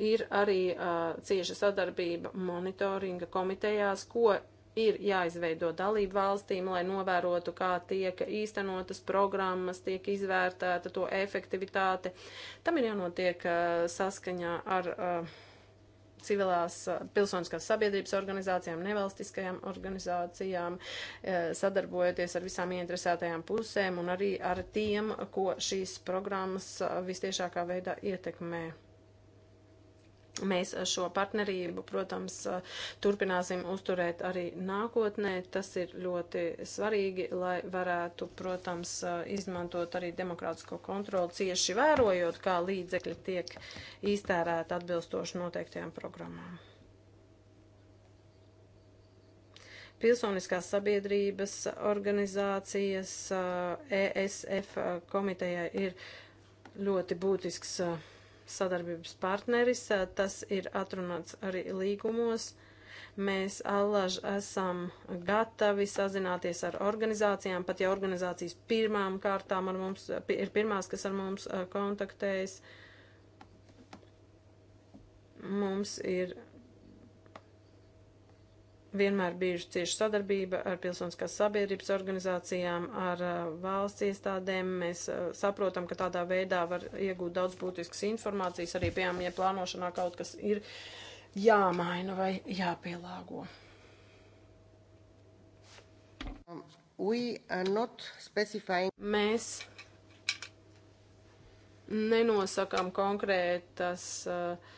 ir arī uh, cieša sadarbība monitoringa komitejās, ko ir jāizveido dalību valstīm, lai novērotu, kā tiek īstenotas programmas, tiek izvērtēta to efektivitāte. Tam ir jānotiek uh, saskaņā ar. Uh, civilās pilsoniskās sabiedrības organizācijām, nevalstiskajām organizācijām, sadarbojoties ar visām ieinteresētajām pusēm un arī ar tiem, ko šīs programmas vistiešākā veidā ietekmē. Mēs eh, šo partnerību, protams, eh, turpināsim uzturēt arī nākotnē. Tas ir ļoti svarīgi, lai varētu, protams, eh, izmantot arī demokrātisko kontroli, cieši vērojot, kā līdzekļi tiek iztērēti atbilstoši noteiktajām programmām. Pilsoniskās sabiedrības organizācijas ESF e komitejai ir ļoti būtisks. Uh, sadarbības partneris, tas ir atrunāts arī līgumos. Mēs allaž esam gatavi sazināties ar organizācijām, pat ja organizācijas pirmām kārtām ar mums, ir pirmās, kas ar mums kontaktējas. Mums ir vienmēr bijuši cieši sadarbība ar pilsoniskās sabiedrības organizācijām, ar uh, valsts iestādēm. Mēs uh, saprotam, ka tādā veidā var iegūt daudz būtiskas informācijas, arī, piemēram, ja plānošanā kaut kas ir jāmaina vai jāpielāgo. Um, specifying... Mēs nenosakām konkrētas uh,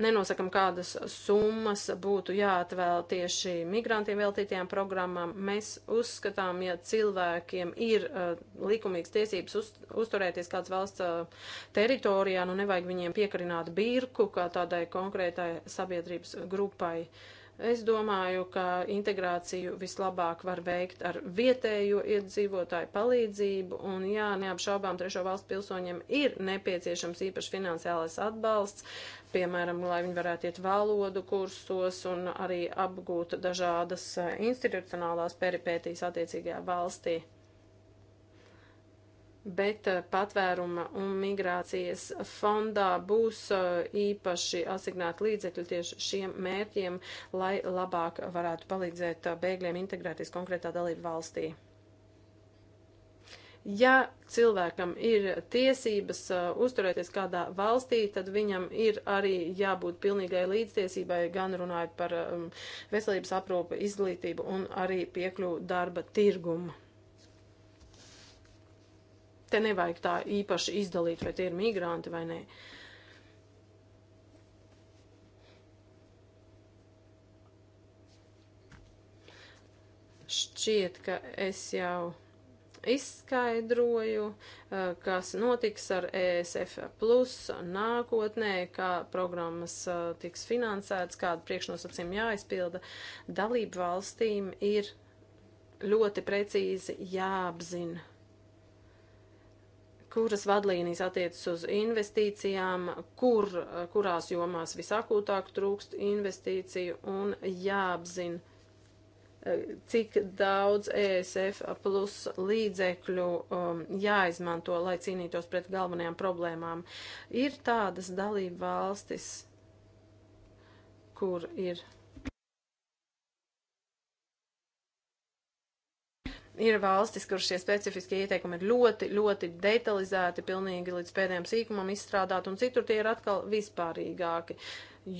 nenosakam, kādas summas būtu jāatvēl tieši migrantiem veltītajām programmām. Mēs uzskatām, ja cilvēkiem ir uh, likumīgs tiesības uz, uzturēties kāds valsts uh, teritorijā, nu nevajag viņiem piekarināt birku kā tādai konkrētai sabiedrības grupai. Uh, Es domāju, ka integrāciju vislabāk var veikt ar vietējo iedzīvotāju palīdzību, un jā, neapšaubām trešo valstu pilsoņiem ir nepieciešams īpaši finansiālais atbalsts, piemēram, lai viņi varētu iet valodu kursos un arī apgūt dažādas eh, institucionālās peripētīs attiecīgajā valstī bet eh, patvēruma un migrācijas fondā būs eh, īpaši asignēti līdzekļi tieši šiem mērķiem, lai labāk varētu palīdzēt eh, bēgļiem integrēties konkrētā dalību valstī. Ja cilvēkam ir tiesības uh, uzturēties kādā valstī, tad viņam ir arī jābūt pilnīgai līdztiesībai, gan runājot par um, veselības aprūpu, izglītību un arī piekļuvu darba tirgumu. Te nevajag tā īpaši izdalīt, vai tie ir migranti vai nē. Šķiet, ka es jau izskaidroju, eh, kas notiks ar ESF plus nākotnē, kā programmas eh, tiks finansētas, kāda priekšnosacījuma jāizpilda. Dalību valstīm ir ļoti precīzi jāapzina, kuras vadlīnijas attiecas uz investīcijām, kur, kurās jomās visakūtāk trūkst investīciju un jāapzina, eh, cik daudz ESF plus līdzekļu um, jāizmanto, lai cīnītos pret galvenajām problēmām. Ir tādas dalība valstis, kur ir ir valstis, kur šie specifiskie ieteikumi ir ļoti, ļoti detalizēti, pilnīgi līdz pēdējiem sīkumam izstrādāti, un citur tie ir atkal vispārīgāki,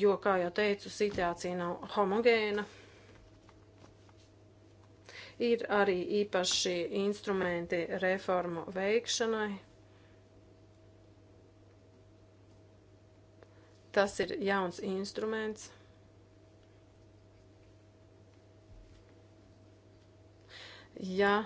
jo, kā jau teicu, situācija nav homogēna. Ir arī īpaši instrumenti reformu veikšanai. Tas ir jauns instruments. ja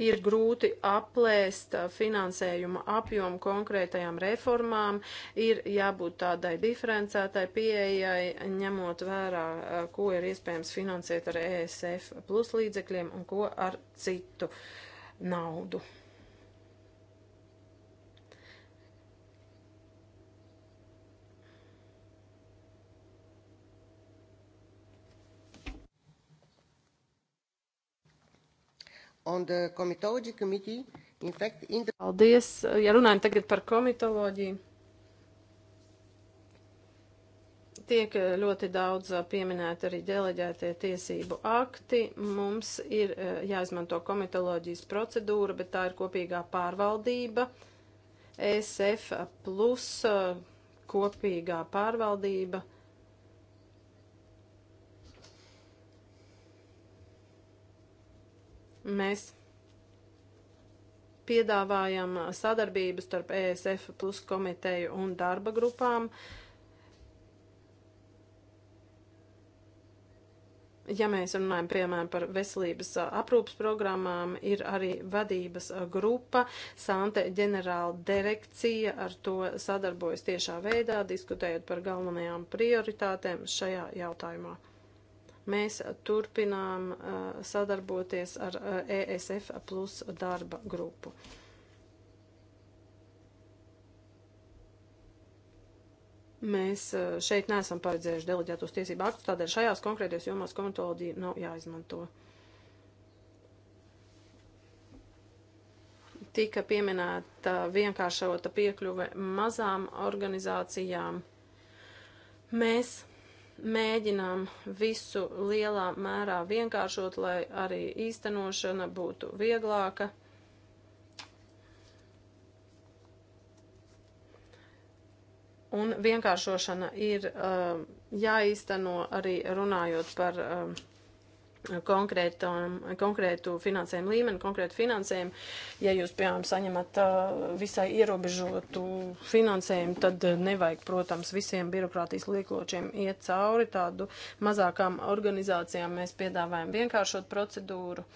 ir grūti aplēst uh, finansējuma apjomu konkrētajām reformām, ir jābūt tādai diferencētai pieejai, ņemot vērā, uh, ko ir iespējams finansēt ar ESF plus līdzekļiem un ko ar citu naudu. on the Comitology Committee, in fact, in the... Paldies. Ja runājam tagad par komitoloģiju, tiek ļoti daudz pieminēti arī deleģētie tiesību akti. Mums ir jāizmanto komitoloģijas procedūra, bet tā ir kopīgā pārvaldība. E SF plus kopīgā pārvaldība. Mēs piedāvājam sadarbību starp ESF plus komiteju un darba grupām. Ja mēs runājam, piemēram, par veselības aprūpas programmām, ir arī vadības grupa, Sante ģenerāla direkcija ar to sadarbojas tiešā veidā, diskutējot par galvenajām prioritātēm šajā jautājumā. Mēs turpinām sadarboties ar ESF plus darba grupu. Mēs šeit neesam paredzējuši deleģētos tiesību aktus, tādēļ šajās konkrētajās jomās komitoloģija nav jāizmanto. Tika pieminēta vienkāršota piekļuve mazām organizācijām. Mēs mēģinām visu lielā mērā vienkāršot, lai arī īstenošana būtu vieglāka. Un vienkāršošana ir uh, jāīsteno arī runājot par uh, konkrētu finansējumu līmeni, konkrētu finansējumu. Ja jūs, piemēram, saņemat uh, visai ierobežotu finansējumu, tad uh, nevajag, protams, visiem birokrātijas liekločiem iet cauri tādu mazākām organizācijām. Mēs piedāvājam vienkāršot procedūru.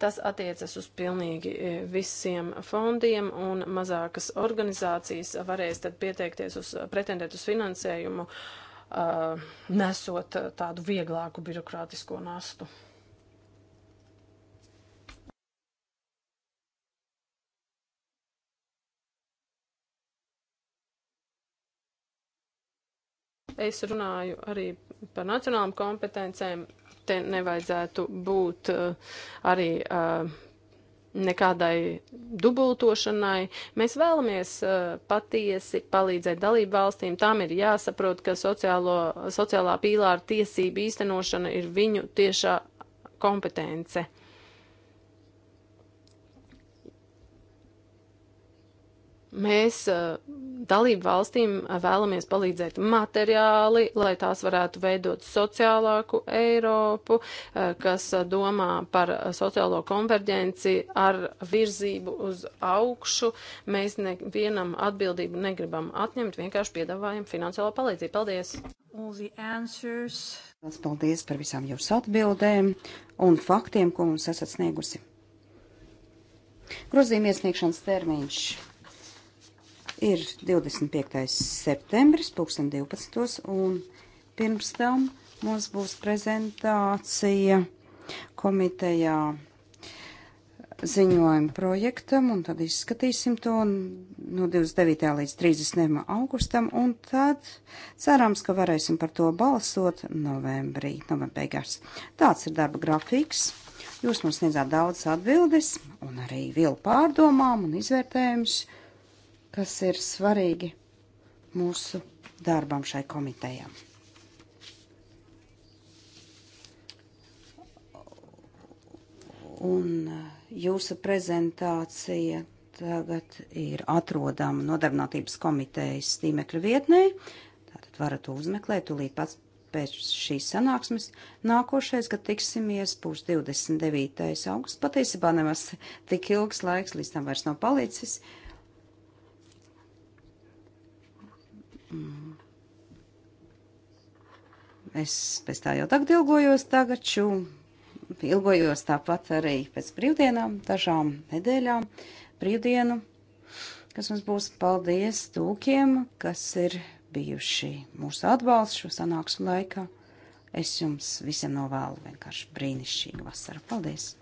Tas attiecas uz pilnīgi uh, visiem fondiem, un mazākas organizācijas varēs tad pieteikties uz pretendēt uz finansējumu uh, uh, nesot uh, tādu vieglāku birokrātisko nastu. Es runāju arī par nacionālām kompetencēm. Te nevajadzētu būt uh, arī uh, nekādai dubultošanai. Mēs vēlamies uh, patiesi palīdzēt dalību valstīm. Tām ir jāsaprot, ka sociālo, sociālā pīlāra tiesība īstenošana ir viņu tiešā kompetence. Mēs dalību valstīm vēlamies palīdzēt materiāli, lai tās varētu veidot sociālāku Eiropu, kas domā par sociālo konverģenci ar virzību uz augšu. Mēs nevienam atbildību negribam atņemt, vienkārši piedāvājam finansiālo palīdzību. Paldies! Paldies par visām jūsu atbildēm un faktiem, ko mums esat sniegusi. Grozījuma iesniegšanas termiņš ir 25. septembris, 2012. un pirms tam mums būs prezentācija komitejā ziņojumu projektam, un tad izskatīsim to no 29. līdz 30. augustam, un tad cerams, ka varēsim par to balsot novembrī, novembrīgās. Tāds ir darba grafiks. Jūs mums sniedzāt daudz atbildes, un arī vielu pārdomām un izvērtējumus kas ir svarīgi mūsu darbam šai komitejām. Un eh, jūsu prezentācija tagad ir atrodama Nodarbinātības komitejas tīmekļa vietnē. Tātad varat to uzmeklēt, tūlīt pats pēc šīs sanāksmes. Nākošais, kad tiksimies, būs 29. augusts. Patiesībā nemaz tik ilgs laiks, līdz tam vairs nav palicis. Uh, Mm. Es pēc tā jau tagad ilgojos tagad, ču, ilgojos tāpat arī pēc brīvdienām, dažām nedēļām brīvdienu, kas mums būs paldies tūkiem, kas ir bijuši mūsu atbalsts šo sanāksmu laikā. Es jums visiem novēlu vienkārši brīnišķīgu vasaru. Paldies!